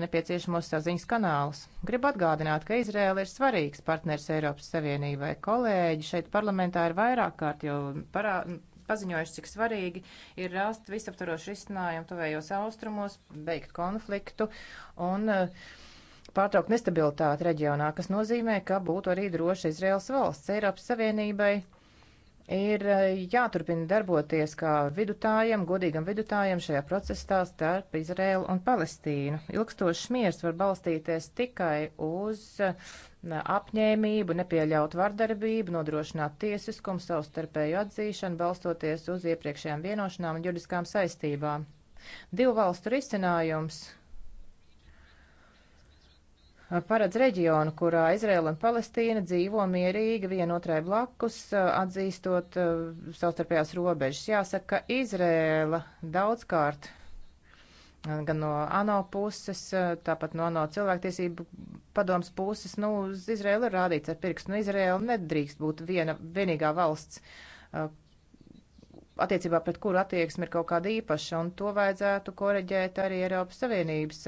nepieciešamos saziņas kanālus. Gribu atgādināt, ka Izrēla ir svarīgs partners Eiropas Savienībai. Kolēģi šeit parlamentā ir vairāk kārt jau parā, paziņojuši, cik svarīgi ir rast visaptarošu risinājumu tuvējos austrumos, beigt konfliktu un eh, pārtraukt nestabilitāti reģionā, kas nozīmē, ka būtu arī droša Izrēlas valsts Eiropas Savienībai ir eh, jāturpina darboties kā vidutājiem, godīgam vidutājiem šajā procesā starp Izrēlu un Palestīnu. Ilgstošs miers var balstīties tikai uz eh, apņēmību, nepieļaut vardarbību, nodrošināt tiesiskumu, savstarpēju atzīšanu, balstoties uz iepriekšējām vienošanām un juridiskām saistībām. Divu valstu risinājums paredz reģionu, kurā Izraela un Palestīna dzīvo mierīgi vienotrai blakus, atzīstot savstarpējās robežas. Jāsaka, ka Izraela daudzkārt gan no ANO puses, tāpat no ANO cilvēktiesību padomas puses, nu, uz Izraelu ir rādīts ar pirkstu. Nu, Izraela nedrīkst būt viena, vienīgā valsts, attiecībā pret kuru attieksme ir kaut kāda īpaša, un to vajadzētu koreģēt arī Eiropas Savienības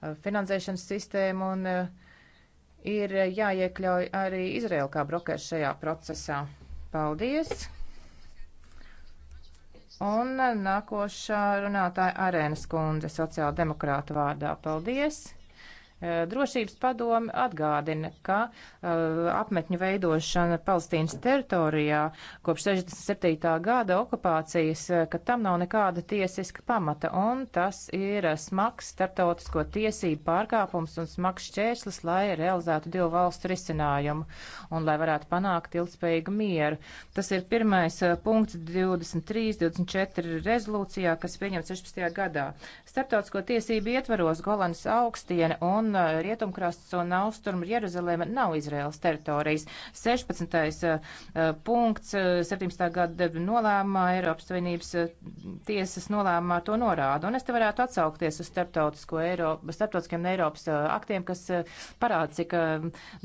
Eh, finansēšanas sistēmu un eh, ir eh, jāiekļauj arī Izraela kā brokers šajā procesā. Paldies! Un nākošā runātāja Arēnas kundze sociāldemokrāta vārdā. Paldies! Eh, drošības padomi atgādina, ka eh, apmetņu veidošana Palestīnas teritorijā kopš 67. gada okupācijas, eh, ka tam nav nekāda tiesiska pamata, un tas ir smags starptautisko tiesību pārkāpums un smags šķērslis, lai realizētu divu valstu risinājumu un lai varētu panākt ilgspējīgu mieru. Tas ir pirmais punkts 23, 24 rezolūcijā, kas pieņemts 16. gadā. Starptautisko tiesību ietvaros Golanas augstiene un un uh, rietumkrasts un austrumu Jeruzalēma nav Izraels teritorijas. 16. Uh, uh, punkts 17. gada nolēmumā Eiropas Savienības tiesas nolēmumā to norāda. Un es te varētu atsaukties uz Eiropa, starptautiskiem Eiropas aktiem, kas parāda, cik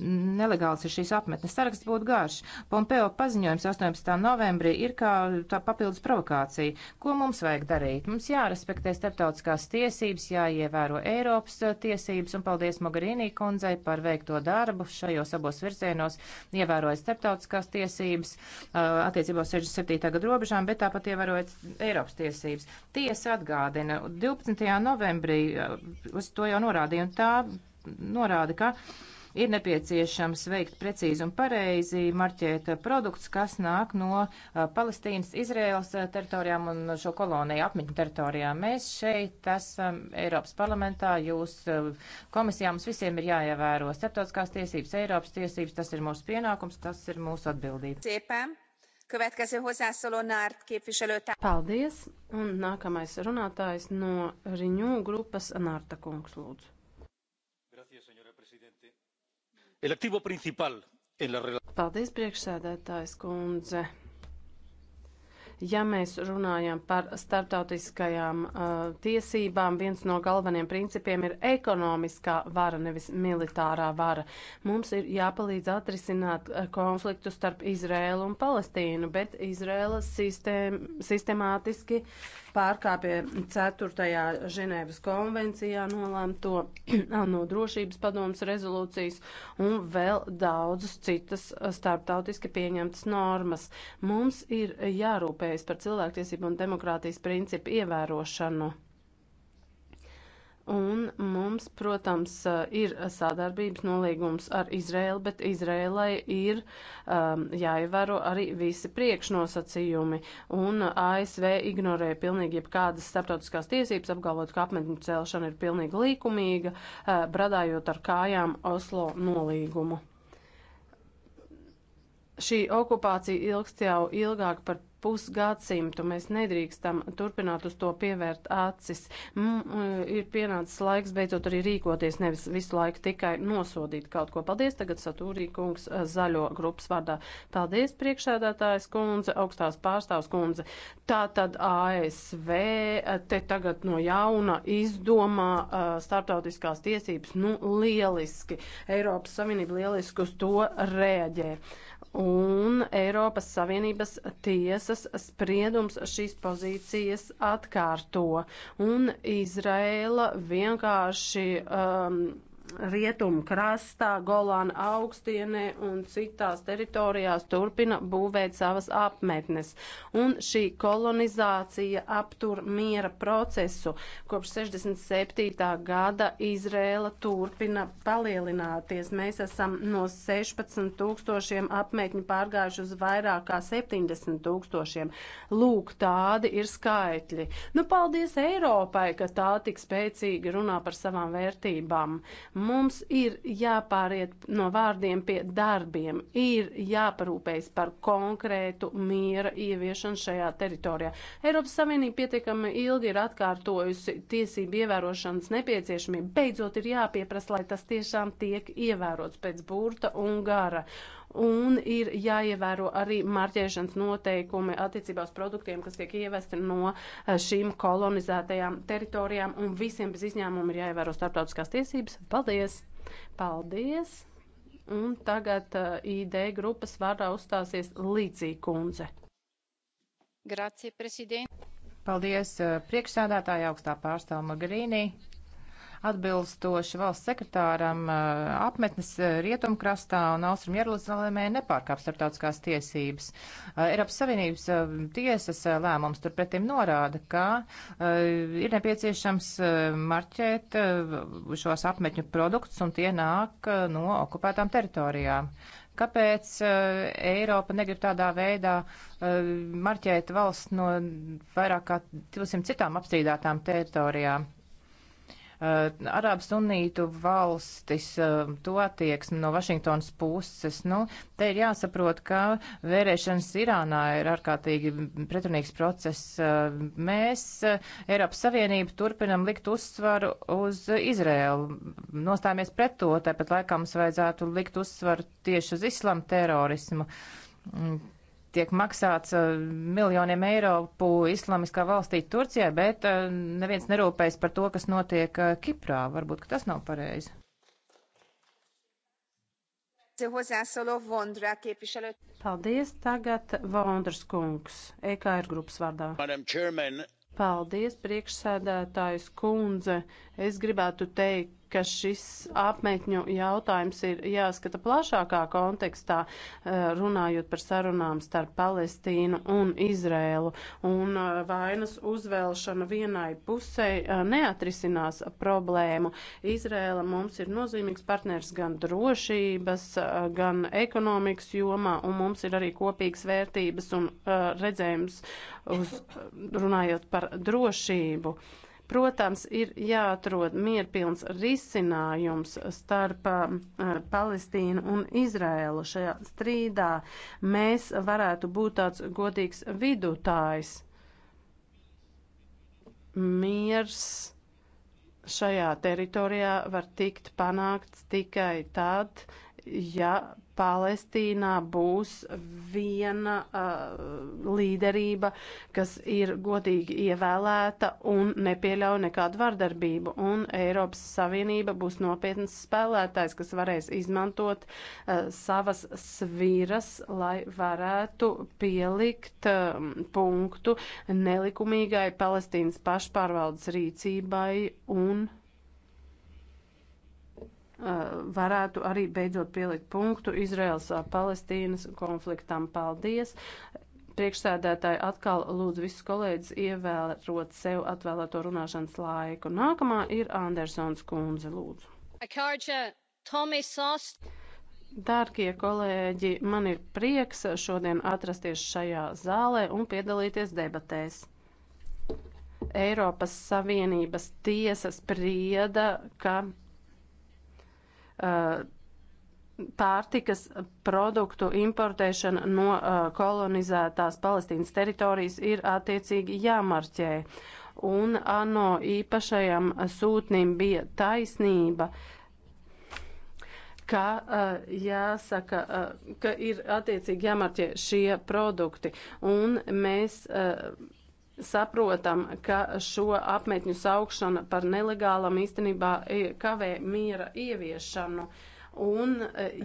nelegāls ir šīs apmetnes. Saraksts būtu garš. Pompeo paziņojums 18. novembrī ir kā tā papildus provokācija. Ko mums vajag darīt? Mums jārespektē starptautiskās tiesības, jāievēro Eiropas tiesības un paldies. Paldies Mogarīnī kundzei par veikto darbu šajos abos virzienos, ievērojot starptautiskās tiesības attiecībā uz 67. gadu robežām, bet tāpat ievērojot Eiropas tiesības. Tiesa atgādina, 12. novembrī uz to jau norādīja, un tā norāda, ka Ir nepieciešams veikt precīzi un pareizi, marķēt produkts, kas nāk no uh, Palestīnas, Izraels uh, teritorijām un šo koloniju apmetņu teritorijām. Mēs šeit esam Eiropas parlamentā, jūs uh, komisijā mums visiem ir jāievēro starptautiskās tiesības, Eiropas tiesības, tas ir mūsu pienākums, tas ir mūsu atbildība. Ciepēm. Paldies! Un nākamais runātājs no Riņū grupas Nārta Kungs lūdzu. El activo principal en la relación. Paldies, priekšsēdētājs kundze ja mēs runājam par starptautiskajām uh, tiesībām, viens no galvenajiem principiem ir ekonomiskā vara, nevis militārā vara. Mums ir jāpalīdz atrisināt uh, konfliktu starp Izrēlu un Palestīnu, bet Izrēla sistēm, sistemātiski uh, pārkāpja 4. Ženēvas konvencijā nolēmto no drošības padomas rezolūcijas un vēl daudzas citas starptautiski pieņemtas normas. Mums ir jārūpējas par cilvēktiesību un demokrātijas principu ievērošanu. Un mums, protams, eh, ir sadarbības nolīgums ar Izraēlu, bet Izrēlai ir um, jāievēro arī visi priekšnosacījumi. Un ASV ignorē pilnīgi jebkādas starptautiskās tiesības, apgalvot, ka apmetņu celšana ir pilnīgi līkumīga, uh, bradājot ar kājām Oslo nolīgumu. Šī okupācija ilgst jau ilgāk par pusgadsimtu. Mēs nedrīkstam turpināt uz to pievērt acis. M e, ir pienācis laiks beidzot arī rīkoties, nevis visu laiku tikai nosodīt kaut ko. Paldies tagad Satūrī kungs e, zaļo grupas vārdā. Paldies priekšēdētājs kundze, augstās pārstāvs kundze. Tā tad ASV e, te tagad no jauna izdomā starptautiskās tiesības. Nu, lieliski. Eiropas Savienība lieliski uz to reaģē un Eiropas Savienības tiesas spriedums šīs pozīcijas atkārto, un Izraela vienkārši um, rietumu krastā, Golāna augstienē un citās teritorijās turpina būvēt savas apmetnes. Un šī kolonizācija aptur miera procesu. Kopš 67. gada Izrēla turpina palielināties. Mēs esam no 16 tūkstošiem apmetņu pārgājuši uz vairāk kā 70 tūkstošiem. Lūk, tādi ir skaitļi. Nu, paldies Eiropai, ka tā tik spēcīgi runā par savām vērtībām mums ir jāpāriet no vārdiem pie darbiem, ir jāparūpējas par konkrētu miera ieviešanu šajā teritorijā. Eiropas Savienība pietiekami ilgi ir atkārtojusi tiesību ievērošanas nepieciešamību. Beidzot ir jāpieprasa, lai tas tiešām tiek ievērots pēc burta un gara un ir jāievēro arī marķēšanas noteikumi attiecībā uz produktiem, kas tiek ievesti no eh, šīm kolonizētajām teritorijām, un visiem bez izņēmuma ir jāievēro starptautiskās tiesības. Paldies! Paldies! Un tagad uh, eh, ID grupas vārdā uzstāsies Līdzīga kundze. Grazie, prezident! Paldies eh, priekšsēdētāja augstā pārstāvuma Grīnī atbilstoši valsts sekretāram eh, apmetnes eh, rietumkrastā un austrum Jeruzalemē nepārkāp starptautiskās tiesības. Eh, Eiropas Savienības tiesas lēmums turpretim norāda, ka ir nepieciešams marķēt šos apmetņu produktus un tie nāk no okupētām teritorijām. Kāpēc uh, Eiropa negrib tādā veidā uh, marķēt valsts no vairāk kā 200 citām apstrīdētām teritorijām? Eh, Arābu sunītu valstis, eh, to attieksmi no Vašingtonas puses. Nu, te ir jāsaprot, ka vērēšanas Irānā ir ārkārtīgi pretrunīgs process. Eh, mēs, Eiropas Savienība, turpinam likt uzsvaru uz Izrēlu. Nostājamies pret to, tāpat laikā mums vajadzētu likt uzsvaru tieši uz islamu terorismu mm, tiek maksāts eh, miljoniem eiro pu islamiskā valstī Turcijai, bet eh, neviens nerūpējas par to, kas notiek eh, Kiprā. Varbūt, ka tas nav pareizi. Paldies, tagad Vondras kungs, EKR grupas vārdā. Paldies, priekšsēdētājs kundze. Es gribētu teikt, ka šis apmetņu jautājums ir jāskata plašākā kontekstā, eh, runājot par sarunām starp Palestīnu un Izrēlu. Un eh, vainas uzvēlšana vienai pusē eh, neatrisinās problēmu. Izrēla mums ir nozīmīgs partners gan drošības, gan ekonomikas jomā, un mums ir arī kopīgas vērtības un redzējums uz, runājot par drošību. Protams, ir jāatrod mierpilns risinājums starp uh, Palestīnu un Izrēlu šajā strīdā. Mēs varētu būt tāds godīgs vidutājs. Miers šajā teritorijā var tikt panākts tikai tad, uh, ja Palestīnā būs viena uh, līderība, kas ir godīgi ievēlēta un nepieļauj nekādu vardarbību, un Eiropas Savienība būs nopietns spēlētājs, kas varēs izmantot uh, savas sviras, lai varētu pielikt uh, punktu nelikumīgai Palestīnas pašpārvaldes rīcībai un Eh, varētu arī beidzot pielikt punktu Izraels-Palestīnas eh, konfliktam. Paldies! Priekšsēdētāji atkal lūdzu visus kolēģis ievērot sev atvēlēto runāšanas laiku. Nākamā ir Andersons kundze, lūdzu. Dārgie kolēģi, man ir prieks šodien atrasties šajā zālē un piedalīties debatēs. Eiropas Savienības tiesa sprieda, ka Uh, pārtikas produktu importēšana no uh, kolonizētās Palestīnas teritorijas ir attiecīgi jāmarķē. Un ANO īpašajam sūtnim bija taisnība, ka uh, jāsaka, uh, ka ir attiecīgi jāmarķē šie produkti. Un mēs uh, Saprotam, ka šo apmetņu saukšana par nelegālam īstenībā kavē miera ieviešanu. Un,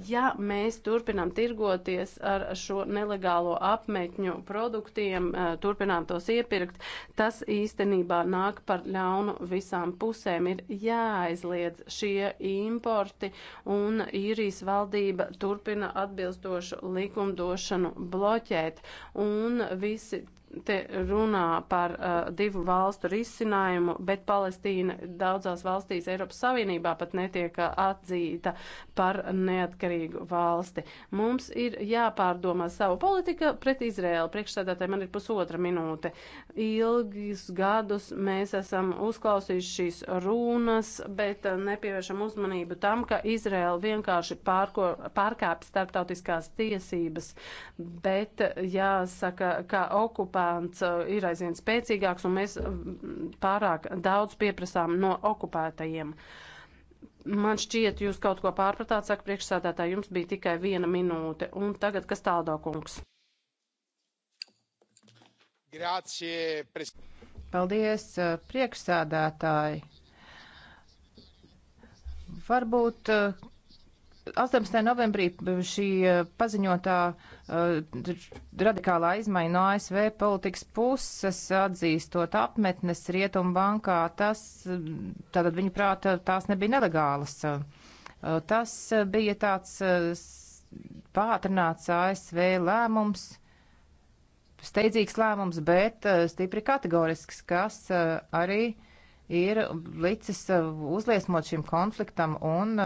ja mēs turpinām tirgoties ar šo nelegālo apmetņu produktiem, eh, turpinām tos iepirkt, tas īstenībā nāk par ļaunu visām pusēm. Ir jāaizliedz šie importi, un īrijas valdība turpina atbilstošu likumdošanu bloķēt. Un visi te runā par uh, divu valstu risinājumu, bet Palestīna daudzās valstīs Eiropas Savienībā pat netiek uh, atzīta par neatkarīgu valsti. Mums ir jāpārdomā savu politiku pret Izrēlu. Priekšsēdētāji man ir pusotra minūte. Ilgis gadus mēs esam uzklausījuši šīs runas, bet uh, nepievēršam uzmanību tam, ka Izrēla vienkārši pārko, pārkāp starptautiskās tiesības, bet uh, jāsaka, ka okupācija okupants uh, ir aizvien spēcīgāks un mēs um, pārāk daudz pieprasām no okupētajiem. Man šķiet, jūs kaut ko pārpratāt, saka priekšsādātāji, jums bija tikai viena minūte. Un tagad kas tādā kungs? Grācie, pres... Paldies, uh, priekšsādātāji. Varbūt 18. Uh, novembrī šī paziņotā uh, Eh, radikālā izmaiņa no ASV politikas puses, atzīstot apmetnes Rietumu bankā, tas, tātad viņa prāta, tās nebija nelegālas. Eh, tas bija tāds eh, pātrināts ASV lēmums, steidzīgs lēmums, bet stipri kategorisks, kas arī ir licis uzliesmot šim konfliktam un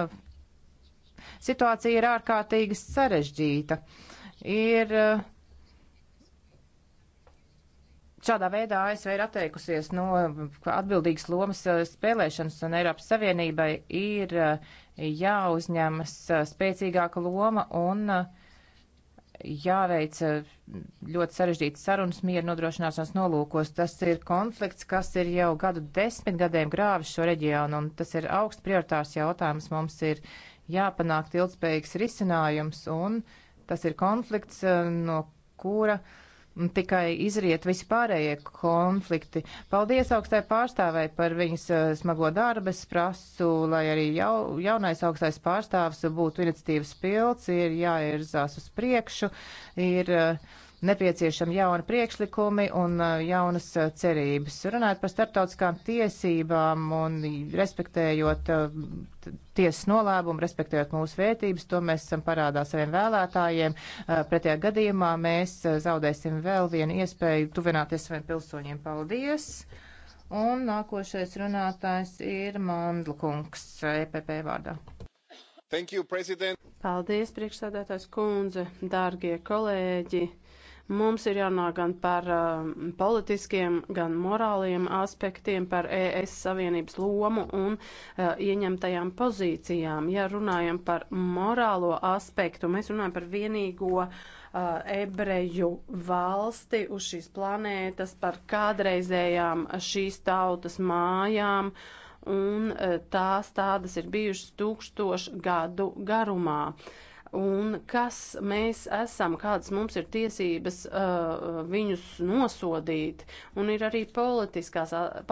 situācija ir ārkārtīgi sarežģīta. Uh, ir eh, šādā veidā ASV ir atteikusies no eh, atbildīgas lomas eh, spēlēšanas, un Eiropas Savienībai ir jāuzņemas spēcīgāka loma un jāveic ļoti sarežģītas sarunas mieru nodrošināšanas nolūkos. Tas ir konflikts, kas ir jau gadu desmitgadēm grāvis šo reģionu, un tas ir augsts prioritārs jautājums. Mums ir jāpanākt ilgspējīgs risinājums un uh, Tas ir konflikts, eh, no kura tikai izriet visi pārējie konflikti. Paldies augstai pārstāvai par viņas eh, smago darbes prasu, lai arī jau, jaunais augstais pārstāvs būtu iniciatīvas pilns, ir jāirzās uz priekšu, ir uh, nepieciešami jauni priekšlikumi un uh, jaunas uh, cerības. Runājot par starptautiskām tiesībām un respektējot uh, tiesas nolēmumu, respektējot mūsu vērtības, to mēs esam parādā saviem vēlētājiem. Pretējā gadījumā mēs zaudēsim vēl vienu iespēju tuvināties saviem pilsoņiem. Paldies! Un nākošais runātājs ir Mandlkungs EPP vārdā. You, Paldies, priekšsādātājs kundze, dārgie kolēģi! Mums ir jārunā gan par uh, politiskiem, gan morāliem aspektiem, par ES Savienības lomu un uh, ieņemtajām pozīcijām. Ja runājam par morālo aspektu, mēs runājam par vienīgo uh, ebreju valsti uz šīs planētas, par kādreizējām šīs tautas mājām. Uh, un tās tādas ir bijušas tūkstošu gadu garumā un kas mēs esam, kādas mums ir tiesības uh, viņus nosodīt. Un ir arī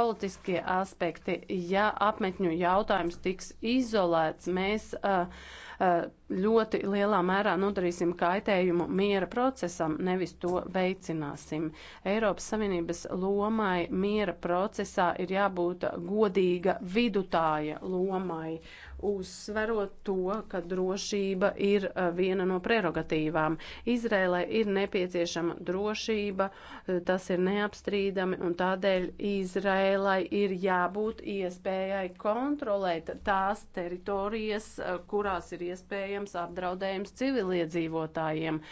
politiskie aspekti. Ja apmetņu jautājums tiks izolēts, mēs uh, uh, ļoti lielā mērā nodarīsim kaitējumu miera procesam, nevis to veicināsim. Eiropas Savienības lomai miera procesā ir jābūt godīga vidutāja lomai uzsverot to, ka drošība ir eh, viena no prerogatīvām. Izrēlē ir nepieciešama drošība, eh, tas ir neapstrīdami, un tādēļ Izrēlai ir jābūt iespējai kontrolēt tās teritorijas, eh, kurās ir iespējams apdraudējums civiliedzīvotājiem.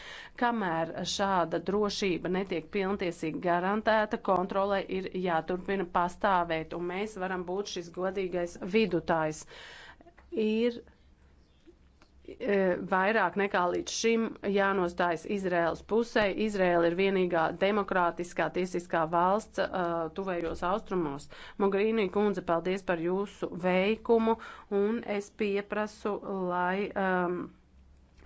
Kamēr šāda drošība netiek pilntiesīgi garantēta, kontrolē ir jāturpina pastāvēt, un mēs varam būt šis godīgais vidutājs. Uh, ir e, vairāk nekā līdz šim jānostājas Izraēlas pusē. Izraēla ir vienīgā demokrātiskā tiesiskā valsts uh, tuvējos austrumos. Mogrīnī kundze, paldies par jūsu veikumu un es pieprasu, lai um,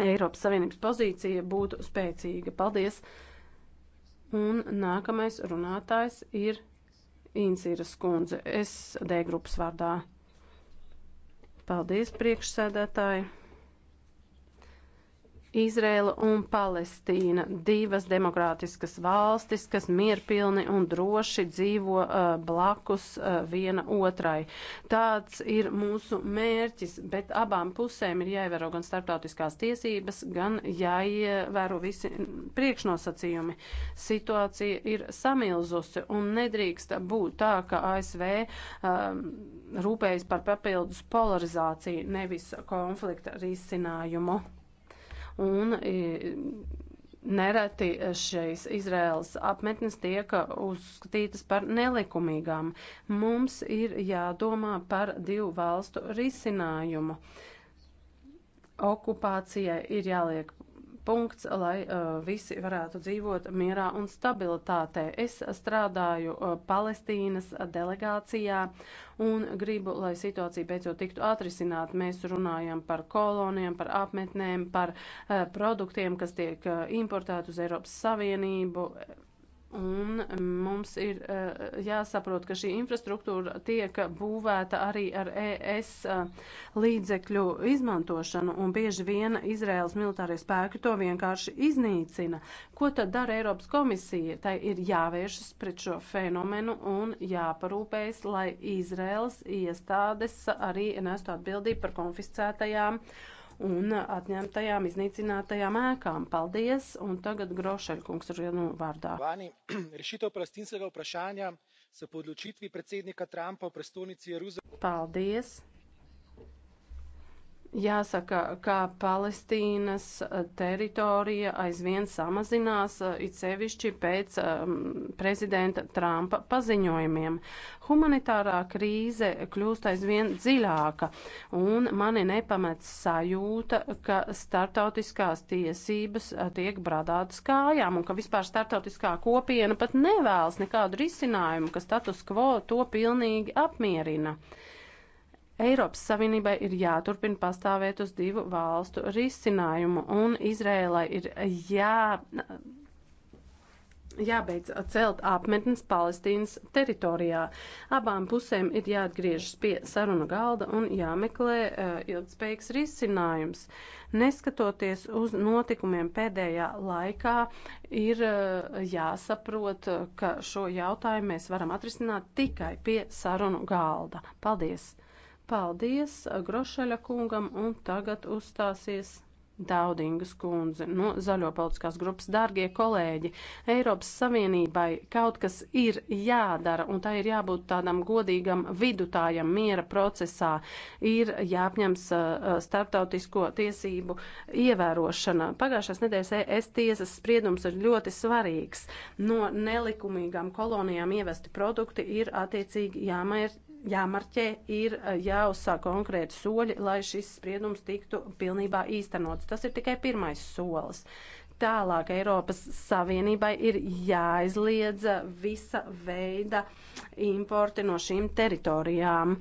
Eiropas Savienības pozīcija būtu spēcīga. Paldies! Un nākamais runātājs ir Insīras kundze. Es D grupas vārdā. Paldies, priekšsēdētāji! Izrēla un Palestīna - divas demokrātiskas valstis, kas mierpilni un droši dzīvo uh, blakus uh, viena otrai. Tāds ir mūsu mērķis, bet abām pusēm ir jāievēro gan starptautiskās tiesības, gan jāievēro visi priekšnosacījumi. Situācija ir samilzusi un nedrīkst būt tā, ka ASV um, rūpējas par papildus polarizāciju, nevis konflikta risinājumu un e, nereti šīs Izraels apmetnes tiek uzskatītas par nelikumīgām. Mums ir jādomā par divu valstu risinājumu. Okupācijai ir jāliek punkts, lai uh, visi varētu dzīvot mierā un stabilitātē. Es strādāju uh, Palestīnas delegācijā un gribu, lai situācija beidzot tiktu atrisināt. Mēs runājam par koloniem, par apmetnēm, par uh, produktiem, kas tiek uh, importēti uz Eiropas Savienību. Un mums ir uh, jāsaprot, ka šī infrastruktūra tiek būvēta arī ar ES uh, eh, līdzekļu izmantošanu, un bieži vien Izraels militārie spēki to vienkārši iznīcina. Ko tad dara Eiropas komisija? Tai ir jāvēršas pret šo fenomenu un jāparūpējas, lai Izraels iestādes arī nestu atbildību par konfiscētajām uh, un atņemtajām iznīcinātajām ēkām. Paldies, un tagad Grošeļkungs ir vienu vārdā. Vani, rešitev prastinskega vprašanja s po odločitvi predsednika Trumpa v prestolnici Jeruzalem. Paldies. Jāsaka, ka Palestīnas eh, teritorija aizvien samazinās, eh, it sevišķi pēc um, prezidenta Trumpa paziņojumiem. Humanitārā krīze kļūst aizvien dziļāka, un mani nepamet sajūta, ka startautiskās tiesības eh, tiek bradātas kājām, un ka vispār startautiskā kopiena pat nevēlas nekādu risinājumu, ka status quo to pilnīgi apmierina. Uh, Eiropas Savienībai ir jāturpina pastāvēt uz divu valstu risinājumu, un Izrēlai ir jā, jābeidz celt apmetnes Palestīnas teritorijā. Abām pusēm ir jāatgriežas pie sarunu galda un jāmeklē uh, ilgspējīgs risinājums. Neskatoties uz notikumiem pēdējā laikā, ir uh, jāsaprot, ka šo jautājumu mēs varam atrisināt tikai pie sarunu galda. Paldies! Paldies uh, Grošeļa kungam un tagad uzstāsies Daudingas kundze no Zaļo politiskās grupas. Dārgie kolēģi, Eiropas Savienībai kaut kas ir jādara, un tā ir jābūt tādam godīgam vidutājam miera procesā. Ir jāapņems uh, uh starptautisko tiesību ievērošana. Pagājušās nedēļas ES tiesas spriedums ir ļoti svarīgs. No nelikumīgām kolonijām ievesti produkti ir attiecīgi jāmair, jāmarķē, ir e, jāuzsāk konkrēti soļi, lai šis spriedums tiktu pilnībā īstenots. Tas ir tikai pirmais solis. Tālāk Eiropas Savienībai ir jāizliedz visa veida importi no šīm teritorijām,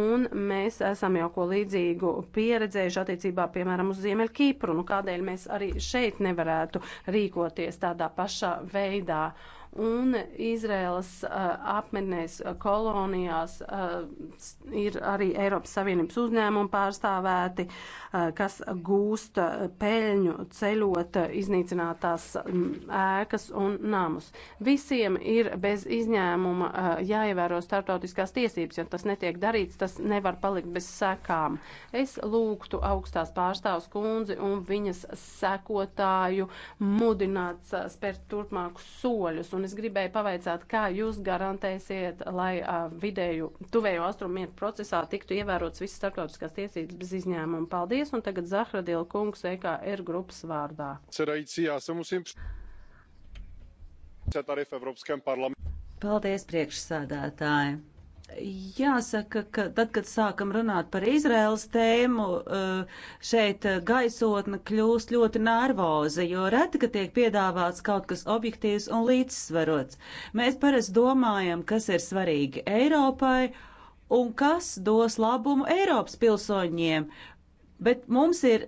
un mēs esam jau ko līdzīgu pieredzējuši attiecībā, piemēram, uz Ziemeļkīpru, nu kādēļ mēs arī šeit nevarētu rīkoties tādā pašā veidā. Uh, Un Izraēlas apmetnēs kolonijās ir arī Eiropas Savienības uzņēmumi pārstāvēti, Eh, kas gūst eh, peļņu ceļot eh, iznīcinātās mm, ēkas un namus. Visiem ir bez izņēmuma jāievēro startautiskās tiesības, ja tas netiek darīts, tas nevar palikt bez sekām. Es lūgtu augstās pārstāvs kundzi un viņas sekotāju mudināt spērt turpmākus soļus, un es gribēju pavaicāt, kā jūs garantēsiet, lai vidēju, tuvējo austrumu mieru procesā tiktu ievērots visas startautiskās tiesības bez izņēmuma. Paldies! Paldies, un tagad Zahradiela kungs EKR grupas vārdā. Cerējici, jā, samusim. Paldies, priekšsādātāji. Jāsaka, ka tad, kad sākam runāt par Izraels tēmu, eh, šeit gaisotne kļūst ļoti nervoza, jo reti, ka tiek piedāvāts kaut kas objektīvs un līdzsvarots. Mēs parasti domājam, kas ir svarīgi Eiropai un kas dos labumu Eiropas pilsoņiem, Bet mums ir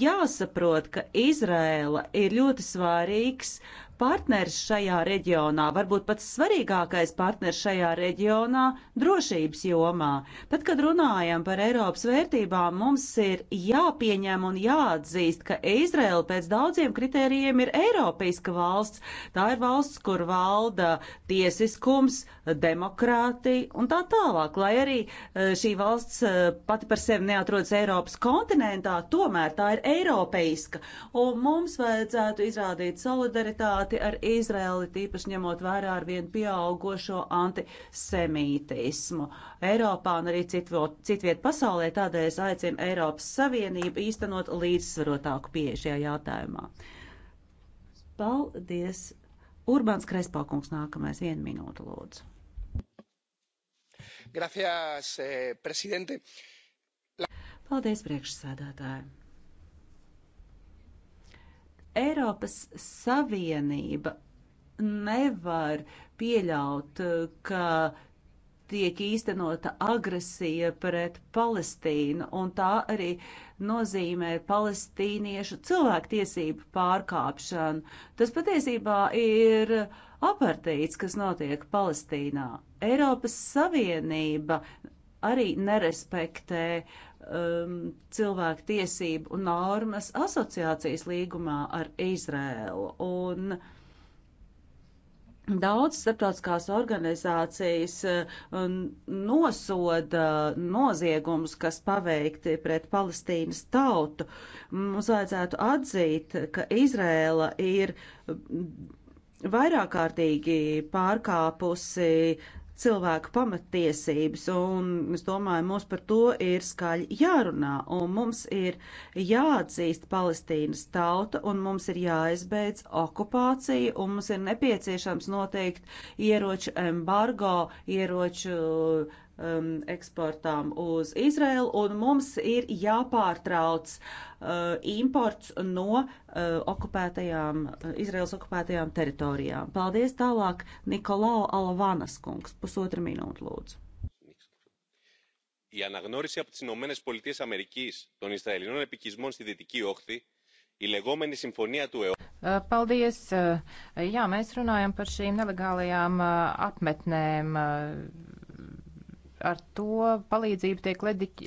jāsaprot, ka Izrēla ir ļoti svārīgs uh, partners šajā reģionā, varbūt pats svarīgākais partners šajā reģionā drošības jomā. Tad, kad runājam par Eiropas vērtībām, mums ir jāpieņem un jāatzīst, ka Izraela pēc daudziem kritērijiem ir Eiropīska valsts. Tā ir valsts, kur valda tiesiskums, demokrātija un tā tālāk. Lai arī eh, šī valsts eh, pati par sevi neatrodas Eiropas kontinentā, tomēr tā ir Eiropeiska. Un mums vajadzētu izrādīt solidaritāti solidaritāti ar Izraeli, tīpaši ņemot vērā ar vien pieaugošo antisemītismu. Eiropā un arī citvot, citviet pasaulē tādēļ es aicinu Eiropas Savienību īstenot līdzsvarotāku pieeju šajā jautājumā. Paldies! Urbāns Krespaukungs nākamais, vienu minūtu lūdzu. Gracias, eh, presidente. La... Paldies, priekšsēdētāji! Eiropas Savienība nevar pieļaut, ka tiek īstenota agresija pret Palestīnu, un tā arī nozīmē palestīniešu cilvēktiesību pārkāpšanu. Tas patiesībā ir apartīts, kas notiek Palestīnā. Eiropas Savienība arī nerespektē um, cilvēku tiesību normas asociācijas līgumā ar Izrēlu. Un, uh, Daudz starptautiskās organizācijas uh, nosoda noziegumus, kas paveikti pret Palestīnas tautu. Mums vajadzētu atzīt, ka Izrēla ir vairāk kārtīgi pārkāpusi uh, cilvēku pamatiesības, un es domāju, mums par to ir skaļi jārunā, un mums ir jāatzīst Palestīnas tauta, un mums ir jāizbeidz okupācija, un mums ir nepieciešams noteikt ieroču embargo, ieroču uh, um, eksportām uz Izraelu, un mums ir jāpārtrauc uh, imports no uh, okupētajām, uh, Izraels okupētajām teritorijām. Paldies tālāk Nikolau Alavanas kungs. Pusotra minūte, lūdzu. Η αναγνώριση από τις Ηνωμένες Πολιτείες Αμερικής των Ισραηλινών επικισμών στη Δυτική Όχθη, η λεγόμενη Συμφωνία του ΕΟ... Paldies. Jā, mēs runājam par šīm nelegālajām apmetnēm ar to palīdzību tiek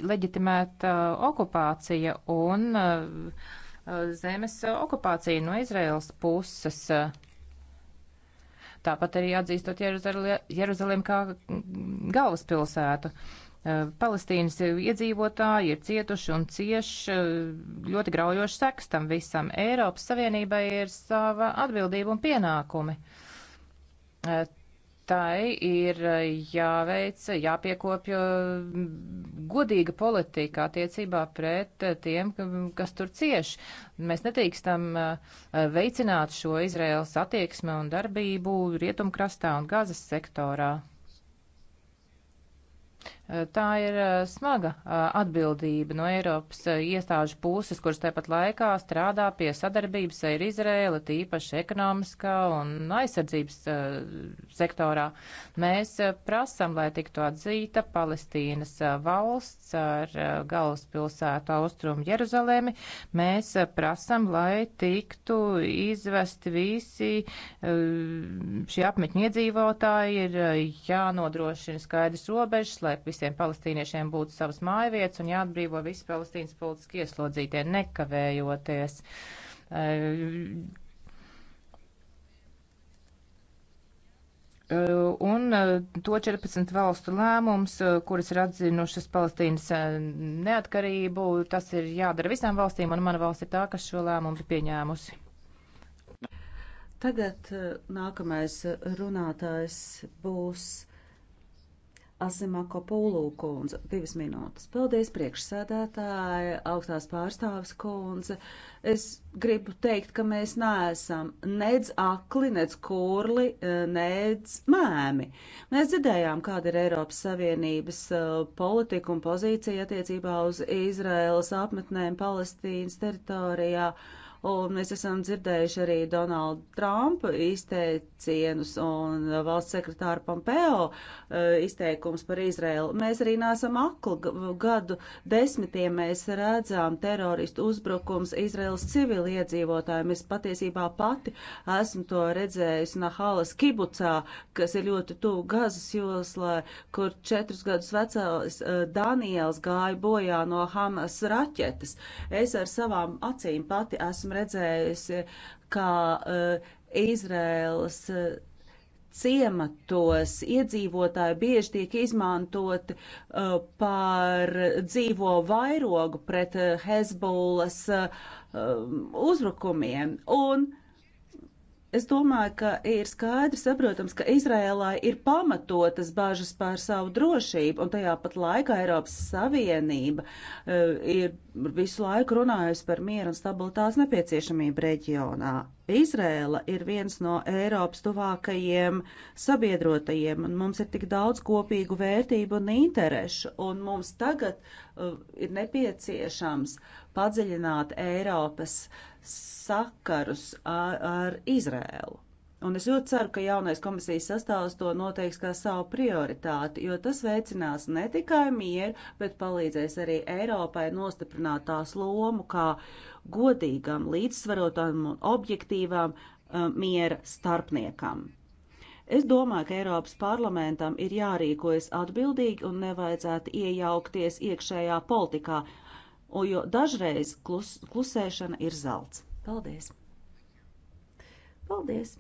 leģitimēta uh, okupācija un uh, uh, zemes okupācija no Izraels puses. Tāpat arī atzīstot Jeruzalem kā galvaspilsētu. Palestīnas iedzīvotāji ir cietuši un cieši ļoti graujoši seks tam visam. Eiropas Savienībai ir sava atbildība un pienākumi tai ir eh, jāveic, jāpiekopja mm, godīga politika attiecībā pret eh, tiem, kas tur cieš. Mēs netīkstam eh, veicināt šo Izraels attieksmi un darbību rietumkrastā un gazas sektorā. Eh, tā ir eh, smaga eh, atbildība no Eiropas iestāžu puses, kuras tepat laikā strādā pie sadarbības ar Izrēlu, tīpaši ekonomiskā un aizsardzības sektorā. Mēs prasam, lai tiktu atzīta Palestīnas valsts ar galvaspilsētu austrumu Jeruzalemi. Mēs prasam, lai tiktu izvesti visi šie apmetņiedzīvotāji, ir jānodrošina skaidrs robežas, lai visi visiem palestīniešiem būtu savas mājvietas un jāatbrīvo visi palestīnas politiski ieslodzītie, nekavējoties. Eh, un eh, to 14 valstu lēmums, eh, kuras ir atzinušas Palestīnas neatkarību, tas ir jādara visām valstīm, un mana valsts ir tā, kas šo lēmumu ir pieņēmusi. Tagad nākamais runātājs būs Asimako Pūlū kundze, divas minūtes. Paldies, priekšsēdētāji, augstās pārstāvis kundze. Es gribu teikt, ka mēs neesam nedz akli, nedz kurli, eh, nedz mēmi. Mēs dzirdējām, kāda ir Eiropas Savienības eh, politika un pozīcija attiecībā uz Izraēlas apmetnēm Palestīnas teritorijā. Uh, Un mēs esam dzirdējuši arī Donaldu Trumpu izteicienus un valsts sekretāru Pompeo e, izteikums par Izraelu. Mēs arī nesam akli gadu desmitiem, mēs redzām teroristu uzbrukums Izraels civiliedzīvotājiem. Es patiesībā pati esmu to redzējusi Nahalas kibucā, kas ir ļoti tuvu gazas joslē, kur četrus gadus vecais e, Daniels gāja bojā no Hamas raķetes. Es ar savām acīm pati esmu esmu redzējusi, kā uh, eh, Izraēlas uh, eh, ciematos iedzīvotāji bieži tiek izmantoti uh, eh, par dzīvo vairogu pret uh, Hezbollas uh, uzbrukumiem. Un Es domāju, ka ir skaidrs, saprotams, ka Izrēlā ir pamatotas bažas pār savu drošību, un tajā pat laikā Eiropas Savienība uh, ir visu laiku runājusi par mieru un stabilitātes nepieciešamību reģionā. Izrēla ir viens no Eiropas tuvākajiem sabiedrotajiem, un mums ir tik daudz kopīgu vērtību un interešu, un mums tagad uh, ir nepieciešams padziļināt Eiropas sakarus ar, ar Izrēlu. Un es ļoti ceru, ka jaunais komisijas sastāvs to noteiks kā savu prioritāti, jo tas veicinās ne tikai mieru, bet palīdzēs arī Eiropai nostiprināt tās lomu kā godīgam, līdzsvarotam un objektīvam um, miera starpniekam. Es domāju, ka Eiropas parlamentam ir jārīkojas atbildīgi un nevajadzētu iejaukties iekšējā politikā, jo dažreiz klus, klusēšana ir zelts. Paldies! Paldies!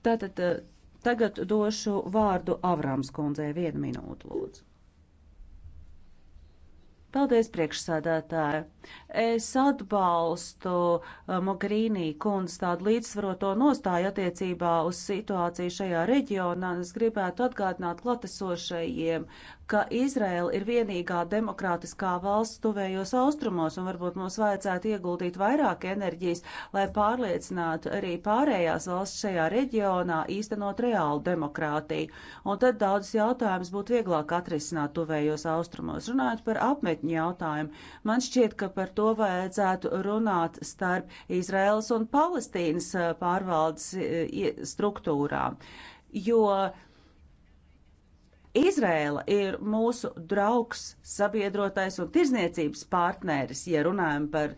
Tātad eh, tagad došu vārdu Avrāms kundzei vienu minūtu, lūdzu. Paldies, priekšsādātāja. Es atbalstu uh, Mogrīnī kundz tādu līdzsvaroto nostāju attiecībā uz situāciju šajā reģionā. Es gribētu atgādināt klatesošajiem, ka Izraela ir vienīgā demokrātiskā valsts tuvējos austrumos, un varbūt mums vajadzētu ieguldīt vairāk enerģijas, lai pārliecinātu arī pārējās valsts šajā reģionā īstenot reālu demokrātiju. Un tad daudz jautājums būtu vieglāk atrisināt tuvējos austrumos. Runājot par apmeklējumu nopietni jautājumi. Man šķiet, ka par to vajadzētu runāt starp Izraels un Palestīnas eh, pārvaldes eh, struktūrām, jo Izrēla ir mūsu draugs, sabiedrotais un tirzniecības partneris, ja runājam par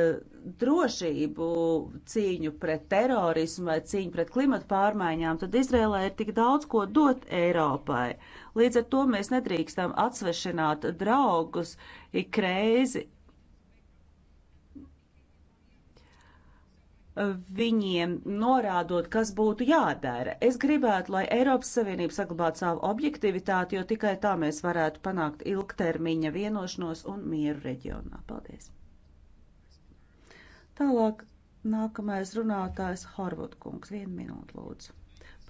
uh, drošību, cīņu pret terorismu vai cīņu pret klimatu pārmaiņām, tad Izrēlai ir tik daudz ko dot Eiropai. Līdz ar to mēs nedrīkstam atsvešināt draugus ik reizi, viņiem norādot, kas būtu jādara. Es gribētu, lai Eiropas Savienība saglabātu savu objektivitāti, jo tikai tā mēs varētu panākt ilgtermiņa vienošanos un mieru reģionā. Paldies! Tālāk nākamais runātājs Horvud kungs. Vienu minūtu lūdzu.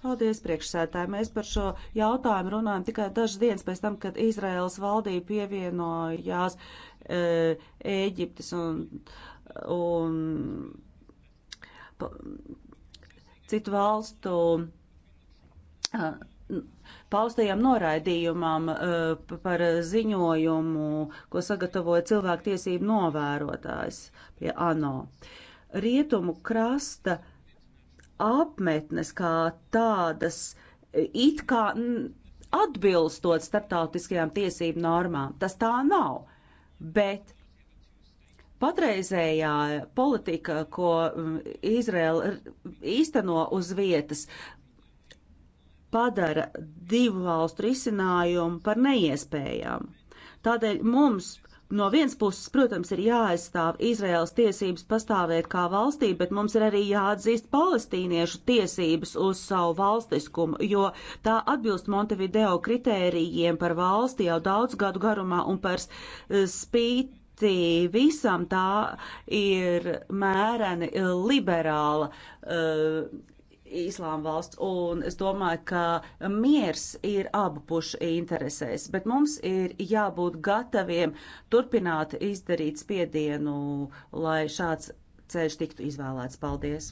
Paldies, priekšsētāji. Mēs par šo jautājumu runājam tikai dažas dienas pēc tam, kad Izraels valdība pievienojās e, Ēģiptes un, un citu valstu paustajam noraidījumam par ziņojumu, ko sagatavoja cilvēktiesību novērotājs pie ANO. Rietumu krasta apmetnes kā tādas e, it kā atbilstot starptautiskajām tiesību normām. Tas tā nav, bet Patreizējā politika, ko mm, Izraela īsteno uz vietas, padara divu valstu risinājumu par neiespējamu. Tādēļ mums no vienas puses, protams, ir jāaizstāv Izraels tiesības pastāvēt kā valstī, bet mums ir arī jāatzīst palestīniešu tiesības uz savu valstiskumu, jo tā atbilst Montevideo kritērijiem par valsti jau daudz gadu garumā un par spīti pretī visam tā ir mēreni liberāla uh, eh, Īslāma valsts, un es domāju, ka miers ir abu pušu interesēs, bet mums ir jābūt gataviem turpināt izdarīt spiedienu, lai šāds ceļš tiktu izvēlēts. Paldies!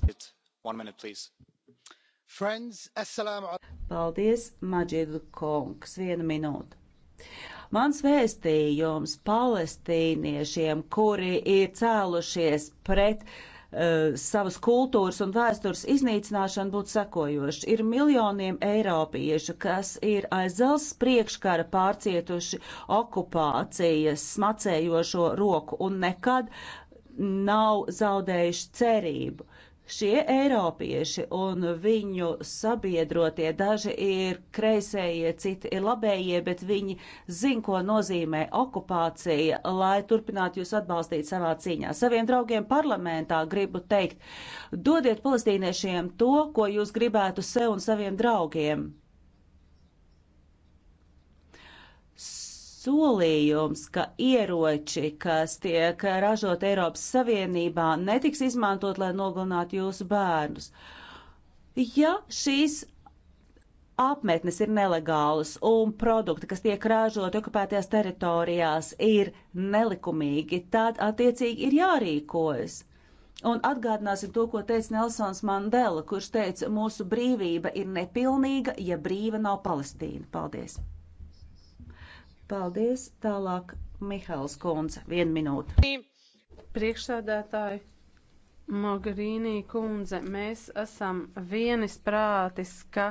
Minute, Friends, Paldies, Maģidu Kongs, viena minūte. Mans vēstījums palestīniešiem, kuri ir cēlušies pret uh, savas kultūras un vēstures iznīcināšanu būtu sekojoši. Ir miljoniem eiropiešu, kas ir aiz zelts priekškara pārcietuši okupācijas smacējošo roku un nekad nav zaudējuši cerību. Šie Eiropieši un viņu sabiedrotie daži ir kreisējie, citi ir labējie, bet viņi zin, ko nozīmē okupācija, lai turpinātu jūs atbalstīt savā cīņā. Saviem draugiem parlamentā gribu teikt, dodiet palestīniešiem to, ko jūs gribētu sev un saviem draugiem. solījums, ka ieroči, kas tiek ražot Eiropas Savienībā, netiks izmantot, lai nogalinātu jūsu bērnus. Ja šīs apmetnes ir nelegālas un produkti, kas tiek ražoti okupētajās teritorijās, ir nelikumīgi, tad attiecīgi ir jārīkojas. Un atgādināsim to, ko teica Nelsons Mandela, kurš teica, mūsu brīvība ir nepilnīga, ja brīva nav Palestīna. Paldies! Paldies! Tālāk Mihāls Kunze, vienu minūtu. Priekšsēdētāji, Mogarīnī Kunze, mēs esam vienisprātis, ka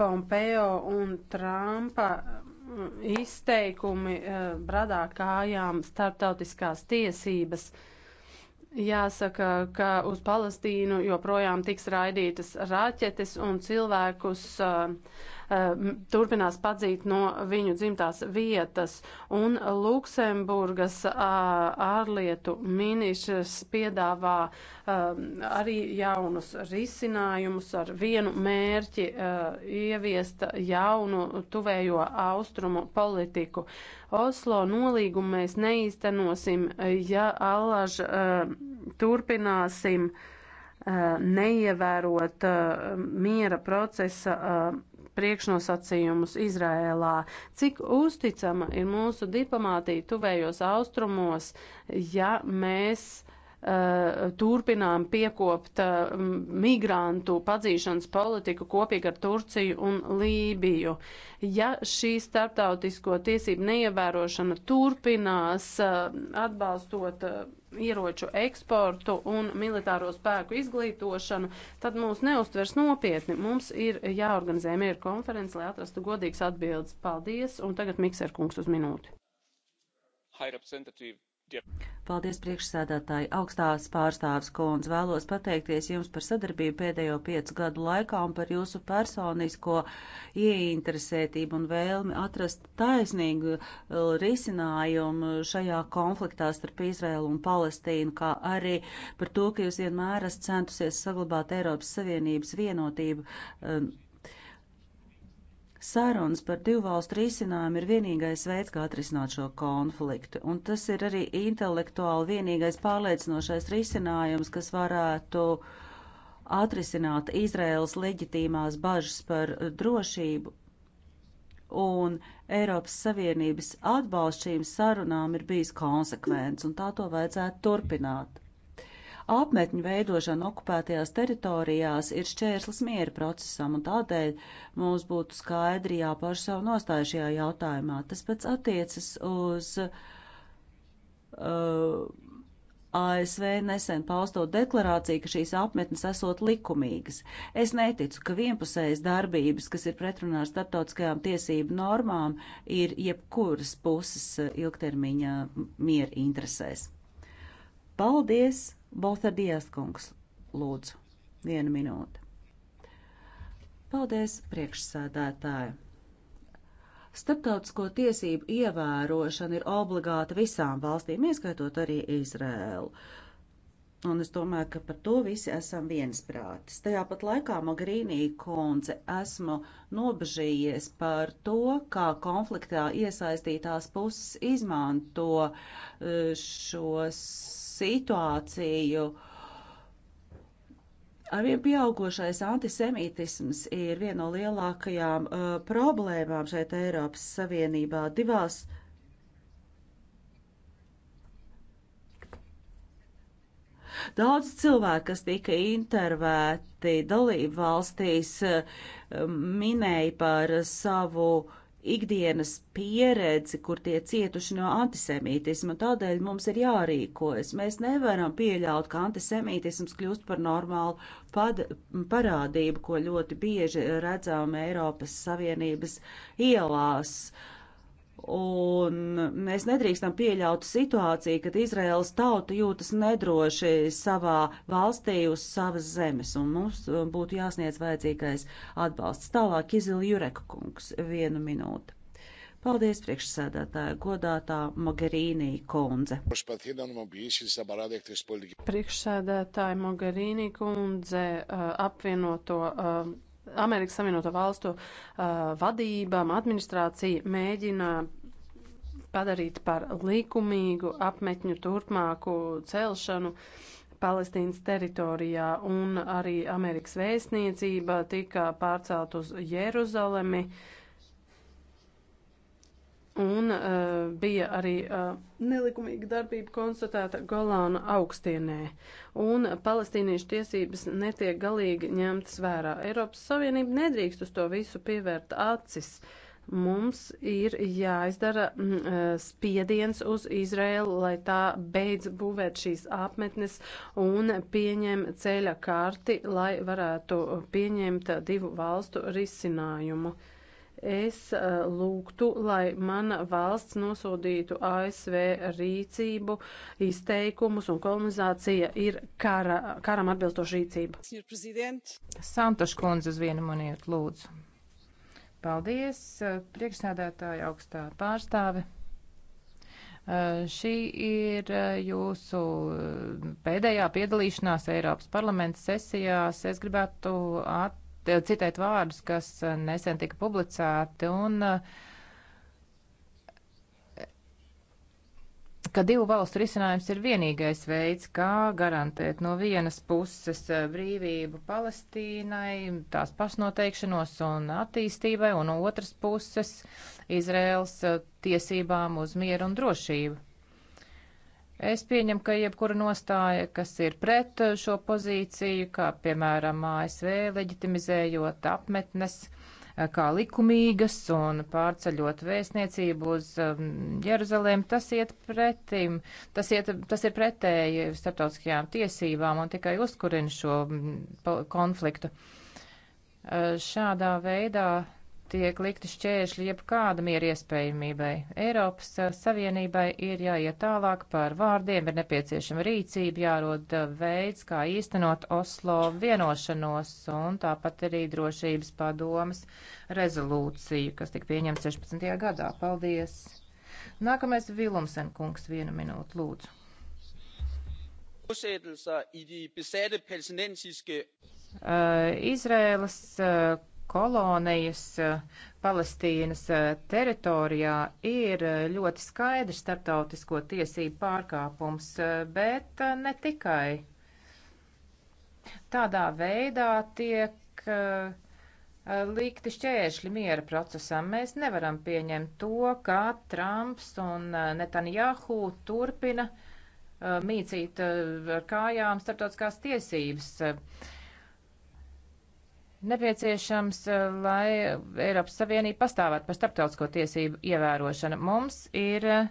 Pompeo un Trumpa mm, izteikumi eh, bradā kājām starptautiskās tiesības. Jāsaka, ka uz Palestīnu joprojām tiks raidītas raķetes un cilvēkus uh, Um, turpinās padzīt no viņu dzimtās vietas. Un Luksemburgas uh, ārlietu ministrs piedāvā um, arī jaunus risinājumus ar vienu mērķi uh, ieviest jaunu tuvējo austrumu politiku. Oslo nolīgumu mēs neīstenosim, ja allaž um, turpināsim uh, neievērot miera procesa priekšnosacījumus Izrēlā. Cik uzticama ir mūsu diplomātija tuvējos austrumos, ja mēs Eh, turpinām piekopt eh, migrantu padzīšanas politiku kopīgi ar Turciju un Lībiju. Ja šī starptautisko tiesību neievērošana turpinās eh, atbalstot ieroču eksportu un militāro spēku izglītošanu, tad mūs neustvers nopietni. Mums ir jāorganizē mieru konferences, lai atrastu godīgas atbildes. Paldies, un tagad Mikserkungs uz minūti. High representative Paldies, priekšsēdētāji, augstās pārstāvs kundze. Vēlos pateikties jums par sadarbību pēdējo piecu gadu laikā un par jūsu personisko ieinteresētību un vēlmi atrast taisnīgu uh, risinājumu šajā konfliktā starp Izraēlu un Palestīnu, kā arī par to, ka jūs vienmēr esat centusies saglabāt Eiropas Savienības vienotību. Um, Sarunas par divu valstu risinājumu ir vienīgais veids, kā atrisināt šo konfliktu, un tas ir arī intelektuāli vienīgais pārliecinošais risinājums, kas varētu atrisināt Izraēlas leģitīmās bažas par drošību. Un Eiropas Savienības atbalsts šīm sarunām ir bijis konsekvents, un tā to vajadzētu turpināt. Apmetņu veidošana okupētajās teritorijās ir šķērslis miera procesam, un tādēļ mums būtu skaidri jāpauž savu nostāju šajā jautājumā. Tas pats attiecas uz uh, ASV nesen pausto deklarāciju, ka šīs apmetnes esot likumīgas. Es neticu, ka vienpusējas darbības, kas ir pretrunā ar starptautiskajām tiesību normām, ir jebkuras puses ilgtermiņa miera interesēs. Paldies! Balthadijas kungs, lūdzu, viena minūte. Paldies, priekšsēdētāji! Starptautisko tiesību ievērošana ir obligāta visām valstīm, ieskaitot arī Izrēlu. Un es domāju, ka par to visi esam viensprātis. Tajā pat laikā, Magrīnī kundze, esmu nobežījies par to, kā konfliktā iesaistītās puses izmanto eh, šos situāciju. Arvien pieaugošais antisemītisms ir viena no lielākajām uh, problēmām šeit Eiropas Savienībā. Divās Daudz cilvēku, kas tika intervēti dalību valstīs, uh, minēja par savu uh, ikdienas pieredzi, kur tie cietuši no antisemītisma. Tādēļ mums ir jārīkojas. Mēs nevaram pieļaut, ka antisemītisms kļūst par normālu pad, parādību, ko ļoti bieži redzam Eiropas Savienības ielās. Uh, Un mēs nedrīkstam pieļaut situāciju, kad Izraels tauta jūtas nedroši savā valstī uz savas zemes, un mums uh, būtu jāsniedz vajadzīgais atbalsts. Tālāk Izila Jureka kungs, vienu minūti. Paldies, priekšsēdētāja, godātā Mogherīnī kundze. Priekšsēdētāja Mogherīnī kundze uh, apvienoto uh, Amerikas Savienoto Valstu uh, vadībām, administrācija mēģina padarīt par likumīgu apmetņu turpmāku celšanu. Palestīnas teritorijā un arī Amerikas vēstniecība tika pārcelt uz Jeruzalemi. Uh, Un uh, bija arī uh, nelikumīga darbība konstatēta Golāna augstienē. Un palestīniešu tiesības netiek galīgi ņemtas vērā. Eiropas Savienība nedrīkst uz to visu pievērt acis. Mums ir jāizdara mm, eh, spiediens uz Izraēlu, lai tā beidz būvēt šīs apmetnes un pieņem ceļa karti, lai varētu pieņemt divu valstu risinājumu. Uh, Es eh, lūgtu, lai mana valsts nosodītu ASV rīcību, izteikumus un kolonizācija ir kara, karam atbilstoša rīcība. Santaškundze uz vienu monētu lūdzu. Paldies, eh, priekšsēdētāja augstā pārstāve. Eh, šī ir jūsu pēdējā piedalīšanās Eiropas parlamenta sesijās. Es gribētu at citēt vārdus, kas eh, nesen tika publicēti, un eh, ka divu valstu risinājums ir vienīgais veids, kā garantēt no vienas puses eh, brīvību Palestīnai, tās pašnoteikšanos un attīstībai, un no otras puses Izraels tiesībām uz mieru un drošību. Es pieņemu, ka jebkura nostāja, kas ir pret uh, šo pozīciju, kā piemēram ASV leģitimizējot apmetnes, uh, kā likumīgas un pārceļot vēstniecību uz um, Jeruzalem, tas iet pretim, tas, iet, tas ir pretēji starptautiskajām tiesībām un tikai uzkurina šo mm, konfliktu. Uh, šādā veidā tiek likti šķēršļi jebkāda miera iespējamībai. Eiropas eh, Savienībai ir jāiet tālāk par vārdiem, ir nepieciešama rīcība, jārod eh, veids, kā īstenot Oslo vienošanos un tāpat arī drošības padomas rezolūciju, kas tika pieņemta 16. gadā. Paldies! Nākamais Vilumsen kungs, vienu minūtu lūdzu. Bosættelser i de besatte palæstinensiske. Uh, eh, Israels uh, kolonijas eh, Palestīnas eh, teritorijā ir eh, ļoti skaidrs starptautisko tiesību pārkāpums, bet ne tikai. Tādā veidā tiek likti šķēršļi miera procesam. Mēs nevaram pieņemt to, kā Trumps un Netanjahu turpina mīcīt ar kājām starptautiskās tiesības nepieciešams, eh, lai Eiropas Savienība pastāvētu par starptautisko tiesību ievērošanu. Mums ir eh,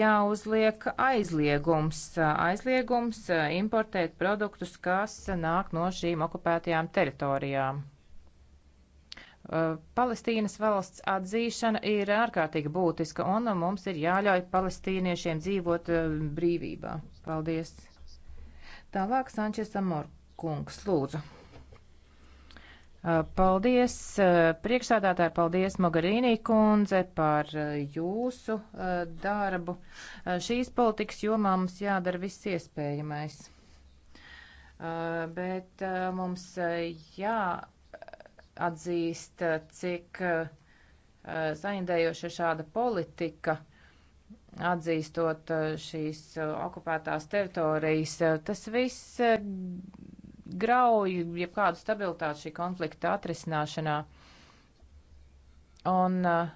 jāuzliek aizliegums, eh, aizliegums importēt produktus, kas nāk no šīm okupētajām teritorijām. Palestīnas valsts atzīšana ir ārkārtīgi būtiska, un mums ir jāļauj palestīniešiem dzīvot brīvībā. Paldies! Tālāk Sančesam Morkungs lūdzu. Uh, paldies, uh, priekšsādātāji, paldies Mogarīnī kundze par uh, jūsu darbu. Šīs politikas jomā mums jādara viss iespējamais. Bet mums jāatzīst, cik saindējoša šāda politika atzīstot šīs okupētās teritorijas. Tas viss grauj jebkādu stabilitāti šī konflikta atrisināšanā. Un uh,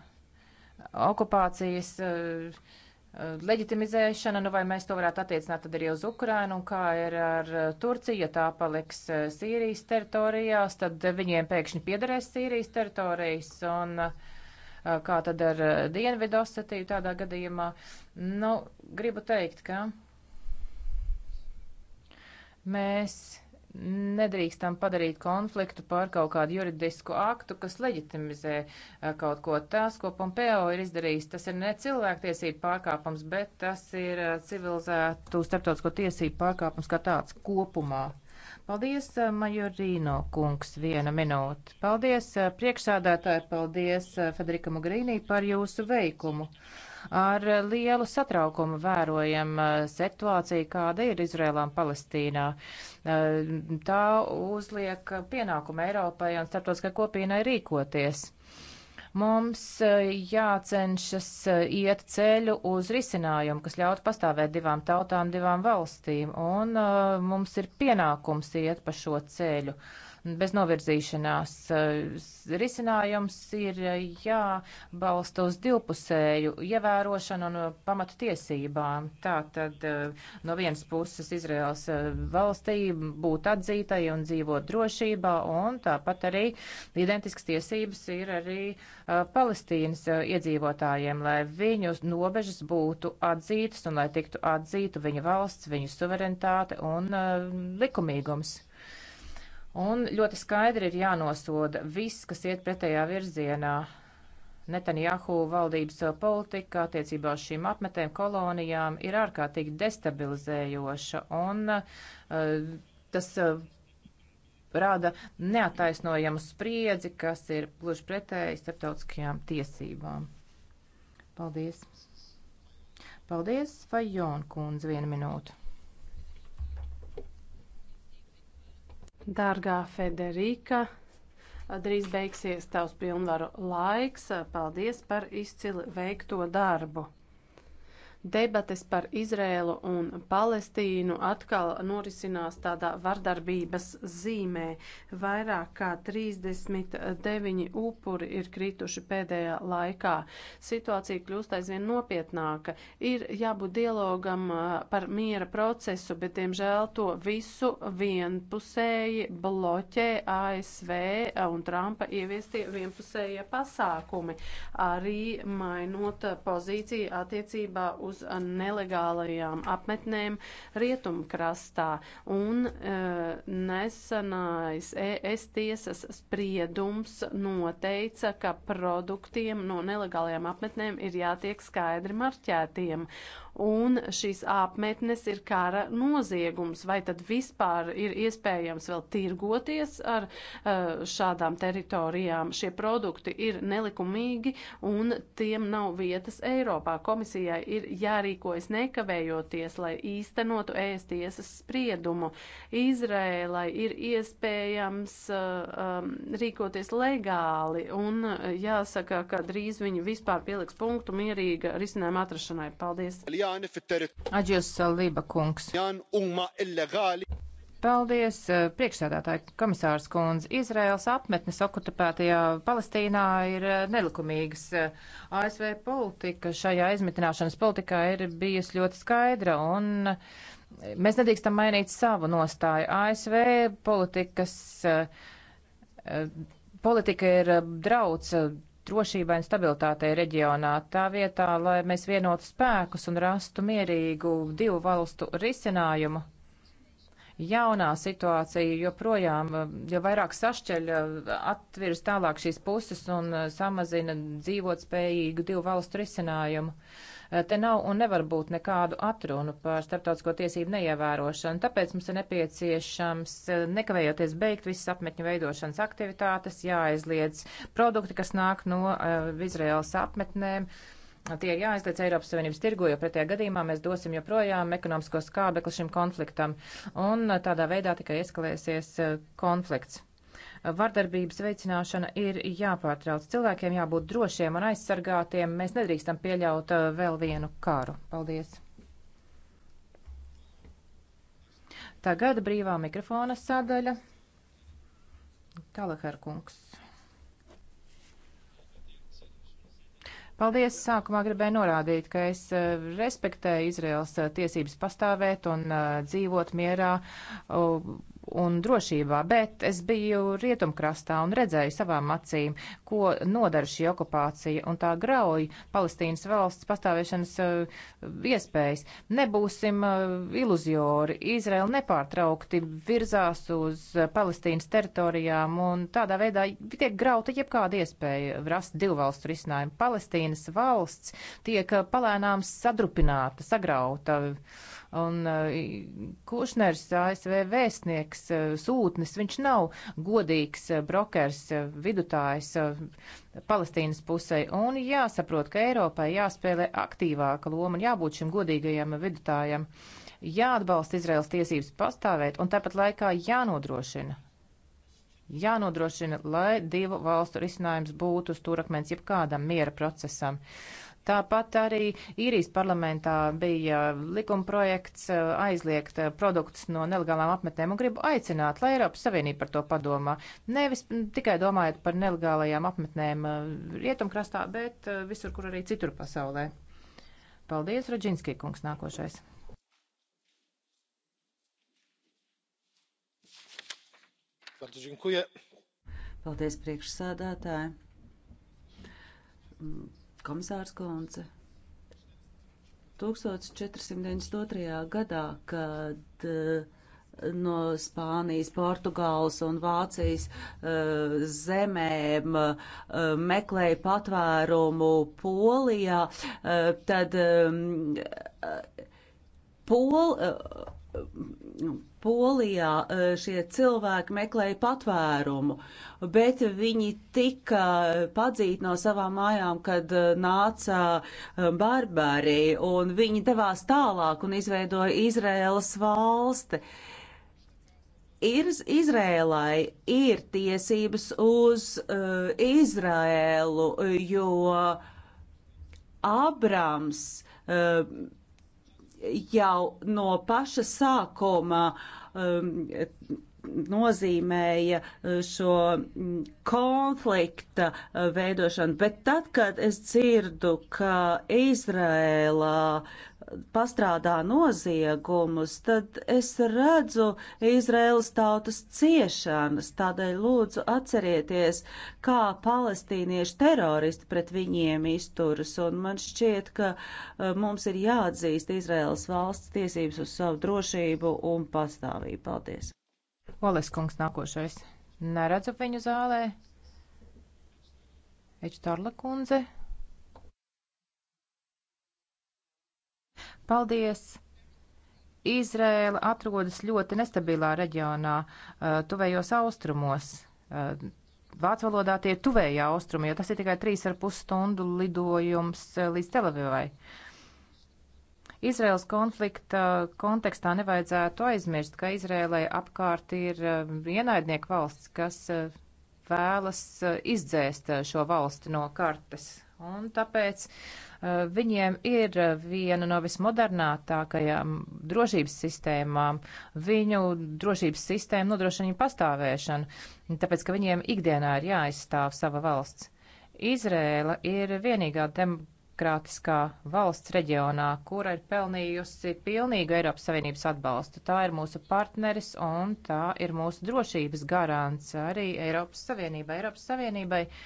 okupācijas uh, uh, leģitimizēšana, nu vai mēs to varētu attiecināt tad arī uz Ukrainu, un kā ir ar uh, Turciju, ja tā paliks uh, Sīrijas teritorijās, tad viņiem pēkšņi piederēs Sīrijas teritorijas, un kā tad ar Dienvidu Osetiju tādā gadījumā. Nu, gribu teikt, ka mēs nedrīkstam padarīt konfliktu par kaut kādu juridisku aktu, kas leģitimizē eh, kaut ko. Tas, ko Pompeo ir izdarījis, tas ir ne cilvēktiesību pārkāpums, bet tas ir eh, civilizētu starptautisko tiesību pārkāpums kā tāds kopumā. Paldies, eh, Majorīno kungs, viena minūte. Paldies, priekšsādātāji, paldies Federika Mugrīnī par jūsu veikumu. Ar lielu satraukumu vērojam eh, situāciju, kāda ir Izrēlā un Palestīnā. Eh, tā uzliek pienākumu Eiropai un starptautiskai kopienai rīkoties mums eh, jācenšas iet ceļu uz risinājumu, kas ļautu pastāvēt divām tautām, divām valstīm, un mums ir pienākums iet pa šo ceļu. Uh, bez novirzīšanās. Eh, risinājums ir eh, jābalsta uz divpusēju ievērošanu un eh, pamatu tiesībām. Tā tad no vienas puses Izraels valstī būt atzītai un dzīvot drošībā, un tāpat arī identiskas tiesības ir arī Palestīnas iedzīvotājiem, lai viņu nobežas būtu atzītas un lai tiktu atzītu viņu valsts, viņu suverenitāte un likumīgums. Un ļoti skaidri ir jānosoda viss, kas iet pretējā virzienā. Netanjahu valdības politika attiecībā uz šīm apmetēm kolonijām ir ārkārtīgi destabilizējoša un uh, tas uh, rāda neataisnojamu spriedzi, kas ir gluži pretēji starptautiskajām tiesībām. Paldies! Paldies, Fajon kundze, vienu minūtu. Dārgā Federika, drīz beigsies tavs pilnvaru laiks. Paldies par izcili veikto darbu. Debates par Izrēlu un Palestīnu atkal norisinās tādā vardarbības zīmē. Vairāk kā 39 upuri ir krituši pēdējā laikā. Situācija kļūst aizvien nopietnāka. Ir jābūt dialogam par miera procesu, bet, diemžēl, to visu vienpusēji bloķē ASV un Trumpa ieviestie vienpusējie pasākumi, arī mainot pozīciju attiecībā uz uz nelegālajām apmetnēm rietumkrastā. Un e, nesenais ES tiesas spriedums noteica, ka produktiem no nelegālajām apmetnēm ir jātiek skaidri marķētiem un šīs apmetnes ir kara noziegums. Vai tad vispār ir iespējams vēl tirgoties ar eh, šādām teritorijām? Šie produkti ir nelikumīgi un tiem nav vietas Eiropā. Komisijai ir jārīkojas nekavējoties, lai īstenotu ēst tiesas spriedumu. Izrēlai ir iespējams eh, um, rīkoties legāli un eh, jāsaka, ka drīz viņi vispār pieliks punktu mierīga risinājuma atrašanai. Paldies! Jā. Aģis Salība eh, kungs. Paldies, eh, priekšsēdētāji komisārs kundze. Izraels apmetnes okupētajā Palestīnā ir eh, nelikumīgas. ASV politika šajā izmitināšanas politikā ir bijusi ļoti skaidra un mēs nedrīkstam mainīt savu nostāju. ASV politikas politika ir drauds drošībai un stabilitātei reģionā, tā vietā, lai mēs vienotu spēkus un rastu mierīgu divu valstu risinājumu. Jaunā situācija joprojām, jo vairāk sašķeļ, atvirs tālāk šīs puses un uh, samazina dzīvotspējīgu divu valstu risinājumu. Uh, Eh, te nav un nevar būt nekādu atrunu par starptautisko tiesību neievērošanu, tāpēc mums ir nepieciešams eh, nekavējoties beigt visas apmetņu veidošanas aktivitātes, jāaizliedz produkti, kas nāk no uh, Izraels apmetnēm. Tie ir jāizliec Eiropas Savienības tirgu, jo pretējā gadījumā mēs dosim joprojām ekonomisko skābekli šim konfliktam, un tādā veidā tikai eskalēsies konflikts. Vardarbības veicināšana ir jāpārtrauc. Cilvēkiem jābūt drošiem un aizsargātiem. Mēs nedrīkstam pieļaut uh, vēl vienu kāru. Paldies! Tagad brīvā mikrofona sadaļa. Kalahar kungs. Paldies! Sākumā gribēju norādīt, ka es uh, respektēju Izraels uh, tiesības pastāvēt un dzīvot mierā un drošībā, bet es biju rietumkrastā un redzēju savām acīm, ko nodara šī okupācija un tā grauj Palestīnas valsts pastāvēšanas uh, iespējas. Nebūsim uh, iluzori. Izraela nepārtraukti virzās uz eh, Palestīnas teritorijām un tādā veidā tiek grauta jebkāda iespēja rast divu valstu risinājumu. Palestīnas valsts tiek palēnām sadrupināta, sagrauta. Uh, Un uh, Kušners, ASV vēstnieks, uh, sūtnis, viņš nav godīgs uh, brokers, vidutājs Palestīnas pusē. Un jāsaprot, ka Eiropai jāspēlē aktīvāka loma un jābūt šim godīgajam vidutājam. Jāatbalsta Izraels tiesības pastāvēt un tāpat laikā jānodrošina jānodrošina, lai divu valstu risinājums būtu stūrakmens jebkādam miera procesam. Tāpat arī īrijas parlamentā bija likumprojekts eh, aizliegt eh, produktus no nelegālām apmetnēm un gribu aicināt, lai Eiropas Savienība par to padomā. Nevis tikai domājot par nelegālajām apmetnēm eh, rietumkrastā, bet visur, kur arī citur pasaulē. Paldies, Rodžinskī kungs, nākošais. Paldies, priekšsādātāji komisārs Konce. 1492. gadā, kad eh, no Spānijas, Portugāles un Vācijas eh, zemēm eh, meklēja patvērumu Polijā, tad Pol, Polijā eh, šie cilvēki meklēja patvērumu, bet viņi tika padzīti no savām mājām, kad eh, nāca eh, barbari, un viņi devās tālāk un izveidoja Izraēlas valsti. Ir, Izrēlai ir tiesības uz uh, Izraēlu, jo Abrams uh, jau no paša sākuma um, nozīmēja uh, šo mm, konflikta uh, veidošanu, bet tad, kad es dzirdu, ka Izrēlā uh, pastrādā noziegumus, tad es redzu Izraels tautas ciešanas. Tādēļ lūdzu atcerieties, kā palestīnieši teroristi pret viņiem izturas. Un man šķiet, ka uh, mums ir jāatzīst Izraels valsts tiesības uz savu drošību un pastāvību. Paldies! Oles kungs nākošais. Neredzu viņu zālē. Ečtārla kundze. Paldies! Izrēla atrodas ļoti nestabilā reģionā, uh, tuvējos austrumos. Uh, vācu valodā tie ir tuvējā austrumi, jo tas ir tikai 3,5 stundu lidojums uh, līdz Telavivai. Izraels konflikta kontekstā nevajadzētu aizmirst, ka Izrēlai apkārt ir ienaidnieku valsts, kas vēlas izdzēst šo valsti no kartes. Un tāpēc uh, Viņiem ir viena no vismodernātākajām drošības sistēmām. Viņu drošības sistēma nodrošina viņu pastāvēšanu, tāpēc, ka viņiem ikdienā ir jāaizstāv sava valsts. Izrēla ir vienīgā demokrātija demokrātiskā valsts reģionā, kura ir pelnījusi pilnīgu Eiropas Savienības atbalstu. Tā ir mūsu partneris un tā ir mūsu drošības garants arī Eiropas Savienībai. Eiropas Savienībai uh,